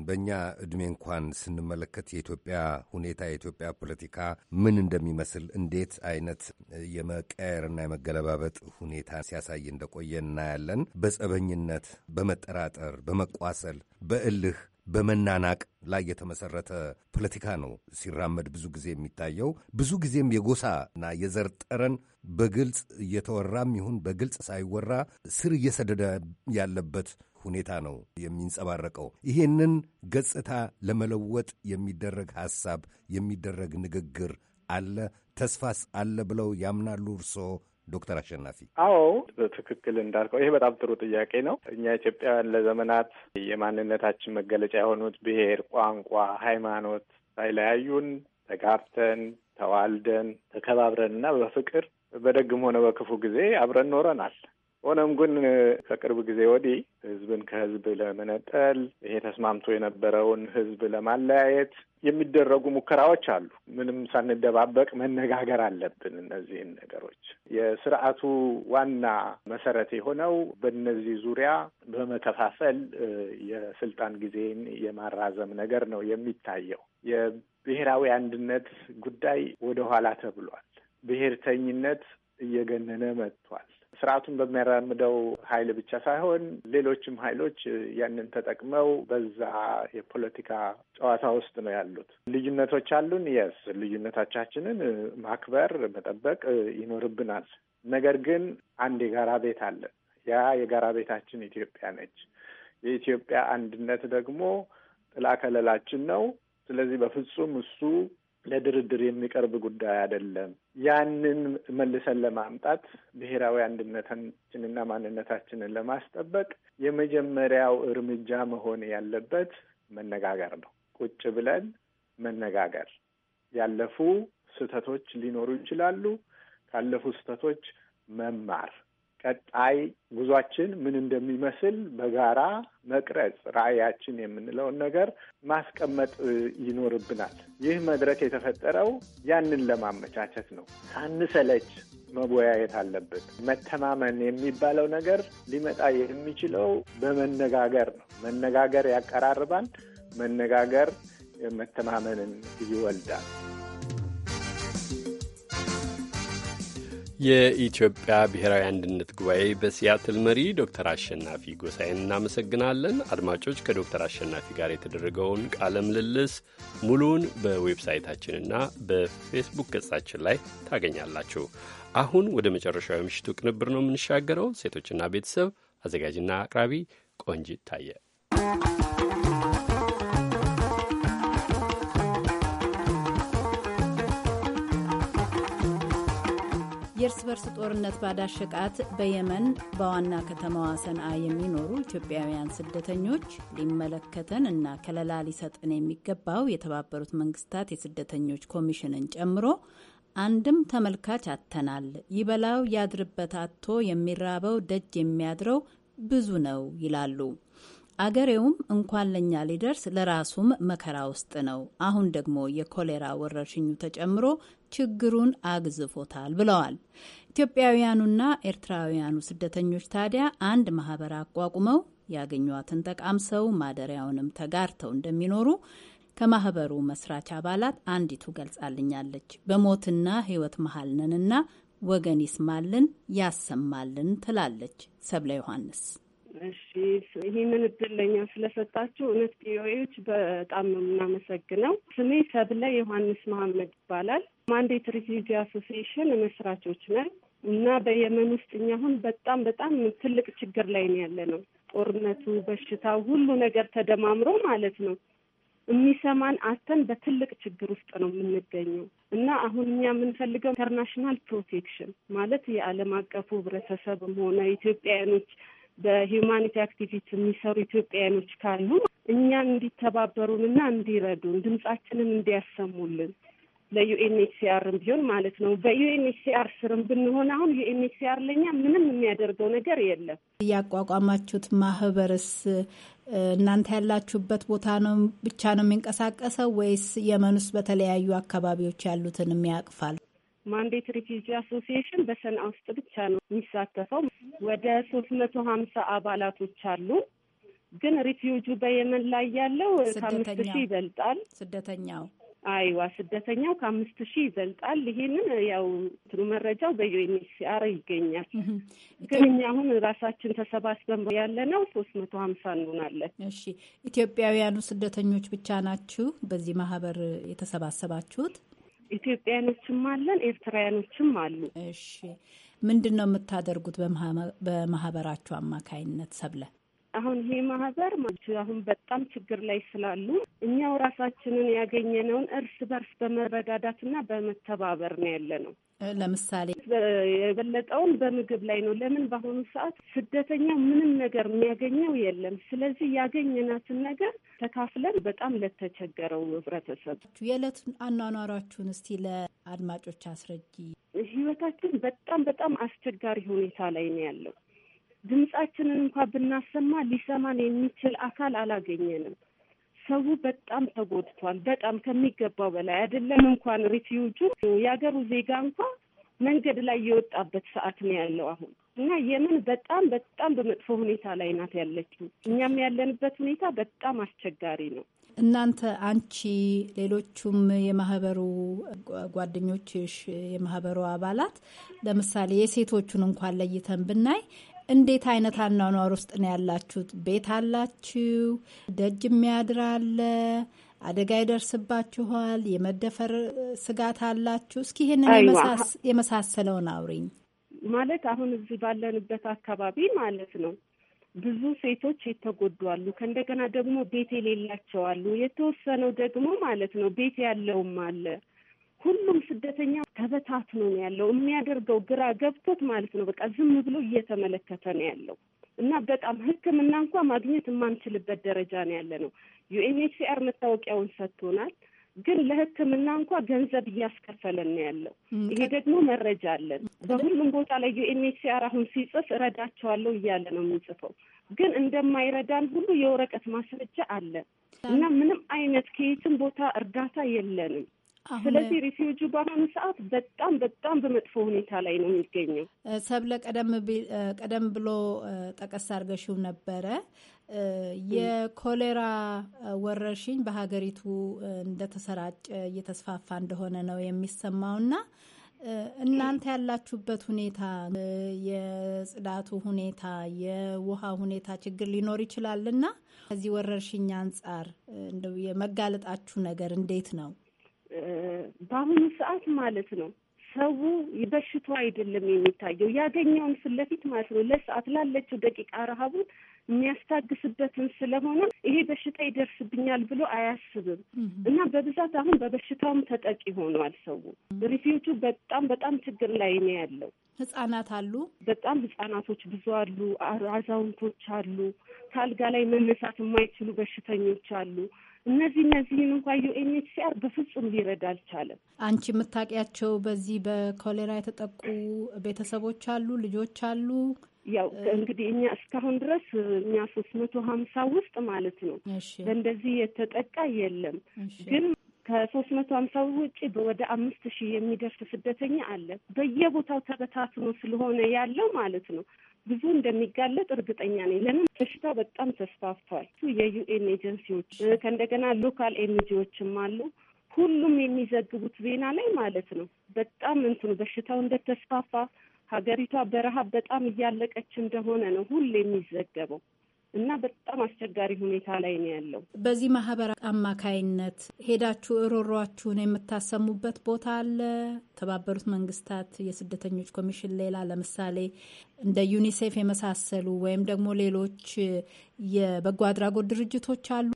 በእኛ ዕድሜ እንኳን ስንመለከት የኢትዮጵያ ሁኔታ የኢትዮጵያ ፖለቲካ ምን እንደሚመስል እንዴት አይነት የመቀየርና የመገለባበጥ ሁኔታ ሲያሳይ እንደቆየ እናያለን። በጸበኝነት፣ በመጠራጠር፣ በመቋሰል፣ በእልህ በመናናቅ ላይ የተመሰረተ ፖለቲካ ነው ሲራመድ ብዙ ጊዜ የሚታየው። ብዙ ጊዜም የጎሳና የዘር ጠረን በግልጽ እየተወራም ይሁን በግልጽ ሳይወራ ስር እየሰደደ ያለበት ሁኔታ ነው የሚንጸባረቀው። ይህንን ገጽታ ለመለወጥ የሚደረግ ሐሳብ የሚደረግ ንግግር አለ፣ ተስፋስ አለ ብለው ያምናሉ እርስዎ? ዶክተር አሸናፊ አዎ በትክክል እንዳልከው ይሄ በጣም ጥሩ ጥያቄ ነው። እኛ ኢትዮጵያውያን ለዘመናት የማንነታችን መገለጫ የሆኑት ብሔር፣ ቋንቋ፣ ሃይማኖት ሳይለያዩን ተጋብተን ተዋልደን ተከባብረን እና በፍቅር በደግም ሆነ በክፉ ጊዜ አብረን ኖረናል። ሆነም ግን ከቅርብ ጊዜ ወዲህ ህዝብን ከህዝብ ለመነጠል ይሄ ተስማምቶ የነበረውን ህዝብ ለማለያየት የሚደረጉ ሙከራዎች አሉ። ምንም ሳንደባበቅ መነጋገር አለብን። እነዚህን ነገሮች የስርዓቱ ዋና መሰረት የሆነው በእነዚህ ዙሪያ በመከፋፈል የስልጣን ጊዜን የማራዘም ነገር ነው የሚታየው። የብሔራዊ አንድነት ጉዳይ ወደኋላ ተብሏል። ብሔርተኝነት እየገነነ መጥቷል። ስርዓቱን በሚያራምደው ኃይል ብቻ ሳይሆን ሌሎችም ኃይሎች ያንን ተጠቅመው በዛ የፖለቲካ ጨዋታ ውስጥ ነው ያሉት። ልዩነቶች አሉን። የስ ልዩነቶቻችንን ማክበር መጠበቅ ይኖርብናል። ነገር ግን አንድ የጋራ ቤት አለ። ያ የጋራ ቤታችን ኢትዮጵያ ነች። የኢትዮጵያ አንድነት ደግሞ ጥላ ከለላችን ነው። ስለዚህ በፍጹም እሱ ለድርድር የሚቀርብ ጉዳይ አይደለም። ያንን መልሰን ለማምጣት ብሔራዊ አንድነታችንና ማንነታችንን ለማስጠበቅ የመጀመሪያው እርምጃ መሆን ያለበት መነጋገር ነው። ቁጭ ብለን መነጋገር። ያለፉ ስህተቶች ሊኖሩ ይችላሉ። ካለፉ ስህተቶች መማር ቀጣይ ጉዟችን ምን እንደሚመስል በጋራ መቅረጽ ራዕያችን የምንለውን ነገር ማስቀመጥ ይኖርብናል። ይህ መድረክ የተፈጠረው ያንን ለማመቻቸት ነው። ሳንሰለች መወያየት አለብን። መተማመን የሚባለው ነገር ሊመጣ የሚችለው በመነጋገር ነው። መነጋገር ያቀራርባል። መነጋገር መተማመንን ይወልዳል። የኢትዮጵያ ብሔራዊ አንድነት ጉባኤ በሲያትል መሪ ዶክተር አሸናፊ ጎሳይን እናመሰግናለን። አድማጮች ከዶክተር አሸናፊ ጋር የተደረገውን ቃለ ምልልስ ሙሉውን በዌብሳይታችንና በፌስቡክ ገጻችን ላይ ታገኛላችሁ። አሁን ወደ መጨረሻው የምሽቱ ቅንብር ነው የምንሻገረው። ሴቶችና ቤተሰብ አዘጋጅና አቅራቢ ቆንጂት ታየ የእርስ በርስ ጦርነት ባዳሸቃት በየመን በዋና ከተማዋ ሰንአ የሚኖሩ ኢትዮጵያውያን ስደተኞች ሊመለከተን እና ከለላ ሊሰጥን የሚገባው የተባበሩት መንግስታት የስደተኞች ኮሚሽንን ጨምሮ አንድም ተመልካች አጥተናል። ይበላው ያድርበት አጥቶ የሚራበው ደጅ የሚያድረው ብዙ ነው ይላሉ። አገሬውም እንኳን ለእኛ ሊደርስ ለራሱም መከራ ውስጥ ነው። አሁን ደግሞ የኮሌራ ወረርሽኙ ተጨምሮ ችግሩን አግዝፎታል ብለዋል። ኢትዮጵያውያኑና ኤርትራውያኑ ስደተኞች ታዲያ አንድ ማህበር አቋቁመው ያገኟትን ጠቃምሰው ማደሪያውንም ተጋርተው እንደሚኖሩ ከማህበሩ መስራች አባላት አንዲቱ ገልጻልኛለች። በሞትና ሕይወት መሀል ነንና ወገን ይስማልን ያሰማልን ትላለች። ሰብለ ዮሐንስ እሺ ይህንን እድለኛ ስለሰጣችሁ እውነት ቪኦኤዎች በጣም ነው የምናመሰግነው። ስሜ ሰብለ ዮሐንስ መሀመድ ይባላል። ማንዴት ሪፊውጂ አሶሲሽን መስራቾች ነን እና በየመን ውስጥ እኛ አሁን በጣም በጣም ትልቅ ችግር ላይ ነው ያለ ነው። ጦርነቱ፣ በሽታው፣ ሁሉ ነገር ተደማምሮ ማለት ነው የሚሰማን አተን በትልቅ ችግር ውስጥ ነው የምንገኘው እና አሁን እኛ የምንፈልገው ኢንተርናሽናል ፕሮቴክሽን ማለት የዓለም አቀፉ ህብረተሰብም ሆነ ኢትዮጵያውያኖች በሂውማኒቲ አክቲቪቲ የሚሰሩ ኢትዮጵያውያኖች ካሉ እኛን እንዲተባበሩንና እንዲረዱን ድምጻችንን እንዲያሰሙልን ለዩኤንኤችሲአርም ቢሆን ማለት ነው። በዩኤንኤችሲአር ስርም ብንሆን አሁን ዩኤንኤችሲአር ለእኛ ምንም የሚያደርገው ነገር የለም። እያቋቋማችሁት ማህበርስ እናንተ ያላችሁበት ቦታ ነው ብቻ ነው የሚንቀሳቀሰው ወይስ የመን ውስጥ በተለያዩ አካባቢዎች ያሉትን የሚያቅፋል? ማንዴት ሪፊውጂ አሶሲዬሽን በሰንአ ውስጥ ብቻ ነው የሚሳተፈው። ወደ ሶስት መቶ ሀምሳ አባላቶች አሉ። ግን ሪፊውጁ በየመን ላይ ያለው ከአምስት ሺህ ይበልጣል። ስደተኛው አይዋ ስደተኛው ከአምስት ሺህ ይበልጣል። ይሄንን ያው ትሩ መረጃው በዩኤንኤችሲአር ይገኛል። ግን እኛ አሁን ራሳችን ተሰባስበን ያለ ነው ሶስት መቶ ሀምሳ እንሆናለን። እሺ ኢትዮጵያውያኑ ስደተኞች ብቻ ናችሁ በዚህ ማህበር የተሰባሰባችሁት? ኢትዮጵያኖችም አለን፣ ኤርትራውያኖችም አሉ። እሺ፣ ምንድን ነው የምታደርጉት በማህበራችሁ አማካይነት ሰብለ? አሁን ይሄ ማህበር አሁን በጣም ችግር ላይ ስላሉ እኛው ራሳችንን ያገኘነውን እርስ በርስ በመረዳዳትና በመተባበር ነው ያለ ነው። ለምሳሌ የበለጠውን በምግብ ላይ ነው። ለምን በአሁኑ ሰዓት ስደተኛው ምንም ነገር የሚያገኘው የለም። ስለዚህ ያገኘናትን ነገር ተካፍለን በጣም ለተቸገረው ህብረተሰብ የዕለት አኗኗሯችሁን እስቲ ለአድማጮች አስረጂ። ህይወታችን በጣም በጣም አስቸጋሪ ሁኔታ ላይ ነው ያለው። ድምጻችንን እንኳ ብናሰማ ሊሰማን የሚችል አካል አላገኘንም። ሰው በጣም ተጎድቷል። በጣም ከሚገባው በላይ አይደለም። እንኳን ሪፊውጁ የሀገሩ ዜጋ እንኳን መንገድ ላይ የወጣበት ሰዓት ነው ያለው አሁን እና የመን በጣም በጣም በመጥፎ ሁኔታ ላይ ናት ያለችው። እኛም ያለንበት ሁኔታ በጣም አስቸጋሪ ነው። እናንተ አንቺ፣ ሌሎቹም የማህበሩ ጓደኞችሽ፣ የማህበሩ አባላት ለምሳሌ የሴቶቹን እንኳን ለይተን ብናይ እንዴት አይነት አኗኗር ውስጥ ነው ያላችሁት? ቤት አላችሁ? ደጅ የሚያድር አለ? አደጋ ይደርስባችኋል? የመደፈር ስጋት አላችሁ? እስኪ ይህንን የመሳሰለውን አውሪኝ። ማለት አሁን እዚህ ባለንበት አካባቢ ማለት ነው ብዙ ሴቶች የተጎዱ አሉ። ከእንደገና ደግሞ ቤት የሌላቸው አሉ። የተወሰነው ደግሞ ማለት ነው ቤት ያለውም አለ። ሁሉም ስደተኛ ተበታትኖ ነው ያለው። የሚያደርገው ግራ ገብቶት ማለት ነው። በቃ ዝም ብሎ እየተመለከተ ነው ያለው እና በጣም ሕክምና እንኳ ማግኘት የማንችልበት ደረጃ ነው ያለ ነው። ዩኤንኤችሲአር መታወቂያውን ሰጥቶናል፣ ግን ለሕክምና እንኳ ገንዘብ እያስከፈለን ነው ያለው። ይሄ ደግሞ መረጃ አለን። በሁሉም ቦታ ላይ ዩኤንኤችሲአር አሁን ሲጽፍ እረዳቸዋለሁ እያለ ነው የሚጽፈው ግን እንደማይረዳን ሁሉ የወረቀት ማስረጃ አለ እና ምንም አይነት ከየትም ቦታ እርዳታ የለንም። ስለዚህ ሪፊውጁ በአሁኑ ሰዓት በጣም በጣም በመጥፎ ሁኔታ ላይ ነው የሚገኘው። ሰብለ ቀደም ብሎ ጠቀስ አድርገሽው ነበረ። የኮሌራ ወረርሽኝ በሀገሪቱ እንደተሰራጨ እየተስፋፋ እንደሆነ ነው የሚሰማውና እናንተ ያላችሁበት ሁኔታ የጽዳቱ ሁኔታ፣ የውሃ ሁኔታ ችግር ሊኖር ይችላል እና ከዚህ ወረርሽኝ አንጻር እንደው የመጋለጣችሁ ነገር እንዴት ነው? በአሁኑ ሰዓት ማለት ነው ሰው በሽቶ አይደለም የሚታየው ያገኘውን ፊት ለፊት ማለት ነው ለሰዓት ላለችው ደቂቃ ረሀቡን የሚያስታግስበትን ስለሆነ ይሄ በሽታ ይደርስብኛል ብሎ አያስብም እና በብዛት አሁን በበሽታውም ተጠቂ ሆኗል። ሰው ሪፊውጁ በጣም በጣም ችግር ላይ ነው ያለው። ህጻናት አሉ፣ በጣም ህጻናቶች ብዙ አሉ፣ አዛውንቶች አሉ፣ ከአልጋ ላይ መነሳት የማይችሉ በሽተኞች አሉ። እነዚህ እነዚህን እንኳ ዩኤንኤችሲአር በፍጹም ሊረዳ አልቻለም። አንቺ የምታውቂያቸው በዚህ በኮሌራ የተጠቁ ቤተሰቦች አሉ፣ ልጆች አሉ። ያው እንግዲህ እኛ እስካሁን ድረስ እኛ ሶስት መቶ ሀምሳ ውስጥ ማለት ነው በእንደዚህ የተጠቃ የለም ግን ከሶስት መቶ ሀምሳ ውጭ ወደ አምስት ሺህ የሚደርስ ስደተኛ አለ። በየቦታው ተበታትኖ ስለሆነ ያለው ማለት ነው። ብዙ እንደሚጋለጥ እርግጠኛ ነኝ። ለምን በሽታው በጣም ተስፋፍቷል። የዩኤን ኤጀንሲዎች ከእንደገና ሎካል ኤንጂዎችም አሉ። ሁሉም የሚዘግቡት ዜና ላይ ማለት ነው በጣም እንትኑ በሽታው እንደተስፋፋ ሀገሪቷ በረሀብ በጣም እያለቀች እንደሆነ ነው ሁሉ የሚዘገበው። እና በጣም አስቸጋሪ ሁኔታ ላይ ነው ያለው። በዚህ ማህበር አማካይነት ሄዳችሁ እሮሯችሁን የምታሰሙበት ቦታ አለ? የተባበሩት መንግስታት የስደተኞች ኮሚሽን ሌላ ለምሳሌ እንደ ዩኒሴፍ የመሳሰሉ ወይም ደግሞ ሌሎች የበጎ አድራጎት ድርጅቶች አሉ?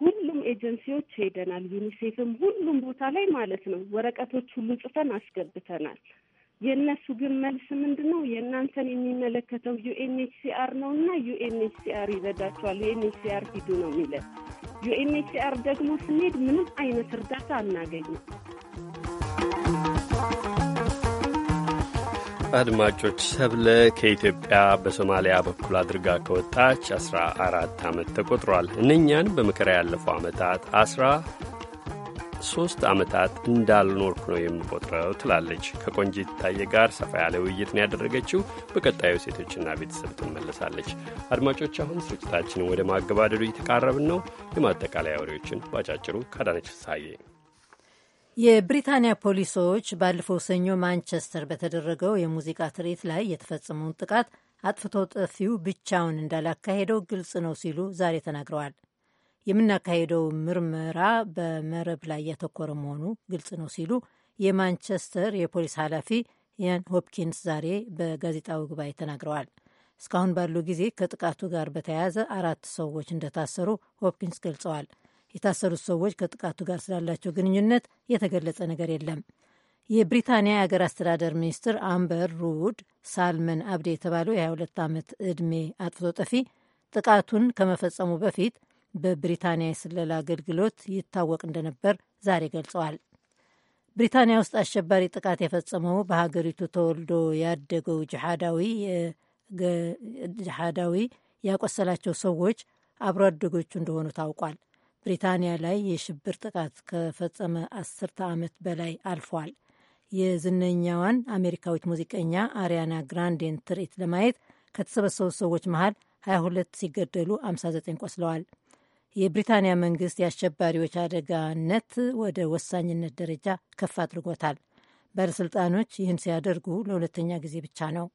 ሁሉም ኤጀንሲዎች ሄደናል። ዩኒሴፍም ሁሉም ቦታ ላይ ማለት ነው። ወረቀቶች ሁሉ ጽፈን አስገብተናል። የእነሱ ግን መልስ ምንድን ነው? የእናንተን የሚመለከተው ዩኤንኤችሲአር ነው እና ዩኤንኤችሲአር ይረዳቸዋል፣ ዩኤንኤችሲአር ሂዱ ነው የሚለን። ዩኤንኤችሲአር ደግሞ ስንሄድ ምንም አይነት እርዳታ አናገኝም። አድማጮች ሰብለ ከኢትዮጵያ በሶማሊያ በኩል አድርጋ ከወጣች 14 ዓመት ተቆጥሯል። እነኛን በመከራ ያለፈው ዓመታት አስራ ሶስት ዓመታት እንዳልኖርኩ ነው የምቆጥረው ትላለች። ከቆንጂት ታየ ጋር ሰፋ ያለ ውይይትን ያደረገችው በቀጣዩ ሴቶችና ቤተሰብ ትመለሳለች። አድማጮች፣ አሁን ስርጭታችንን ወደ ማገባደዱ እየተቃረብን ነው። የማጠቃለያ ወሬዎችን ባጫጭሩ ካዳነች ሳዬ። የብሪታንያ ፖሊሶች ባለፈው ሰኞ ማንቸስተር በተደረገው የሙዚቃ ትርኢት ላይ የተፈጸመውን ጥቃት አጥፍቶ ጠፊው ብቻውን እንዳላካሄደው ግልጽ ነው ሲሉ ዛሬ ተናግረዋል። የምናካሄደው ምርመራ በመረብ ላይ ያተኮረ መሆኑ ግልጽ ነው ሲሉ የማንቸስተር የፖሊስ ኃላፊ ያን ሆፕኪንስ ዛሬ በጋዜጣዊ ጉባኤ ተናግረዋል። እስካሁን ባለው ጊዜ ከጥቃቱ ጋር በተያያዘ አራት ሰዎች እንደታሰሩ ሆፕኪንስ ገልጸዋል። የታሰሩት ሰዎች ከጥቃቱ ጋር ስላላቸው ግንኙነት የተገለጸ ነገር የለም። የብሪታንያ የአገር አስተዳደር ሚኒስትር አምበር ሩድ ሳልመን አብዴ የተባለው የ22 ዓመት ዕድሜ አጥፍቶ ጠፊ ጥቃቱን ከመፈጸሙ በፊት በብሪታንያ የስለላ አገልግሎት ይታወቅ እንደነበር ዛሬ ገልጸዋል። ብሪታንያ ውስጥ አሸባሪ ጥቃት የፈጸመው በሀገሪቱ ተወልዶ ያደገው ጅሃዳዊ ያቆሰላቸው ሰዎች አብሮ አደጎቹ እንደሆኑ ታውቋል። ብሪታንያ ላይ የሽብር ጥቃት ከፈጸመ አስርተ ዓመት በላይ አልፏል። የዝነኛዋን አሜሪካዊት ሙዚቀኛ አሪያና ግራንዴን ትርኢት ለማየት ከተሰበሰቡ ሰዎች መሃል 22 ሲገደሉ 59 ቆስለዋል። የብሪታንያ መንግስት የአሸባሪዎች አደጋነት ወደ ወሳኝነት ደረጃ ከፍ አድርጎታል። ባለሥልጣኖች ይህን ሲያደርጉ ለሁለተኛ ጊዜ ብቻ ነው።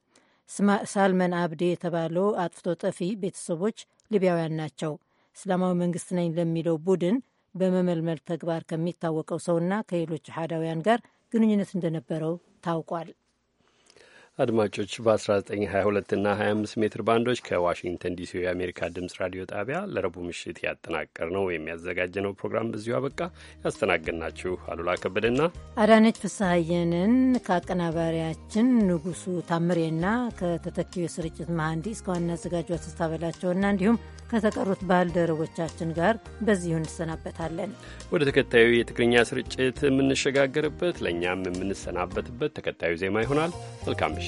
ሳልመን አብዴ የተባለው አጥፍቶ ጠፊ ቤተሰቦች ሊቢያውያን ናቸው። እስላማዊ መንግስት ነኝ ለሚለው ቡድን በመመልመል ተግባር ከሚታወቀው ሰውና ከሌሎች ሃዳውያን ጋር ግንኙነት እንደነበረው ታውቋል። አድማጮች በ1922 እና 25 ሜትር ባንዶች ከዋሽንግተን ዲሲ የአሜሪካ ድምፅ ራዲዮ ጣቢያ ለረቡዕ ምሽት ያጠናቀር ነው የሚያዘጋጀነው ፕሮግራም በዚሁ አበቃ። ያስተናገድናችሁ አሉላ ከበደና አዳነች ፍስሐየንን ከአቀናባሪያችን ንጉሱ ታምሬና ከተተኪው የስርጭት መሐንዲስ ከዋና አዘጋጇ ተስታበላቸውና እንዲሁም ከተቀሩት ባልደረቦቻችን ጋር በዚሁ እንሰናበታለን። ወደ ተከታዩ የትግርኛ ስርጭት የምንሸጋገርበት ለእኛም የምንሰናበትበት ተከታዩ ዜማ ይሆናል። መልካም ምሽት።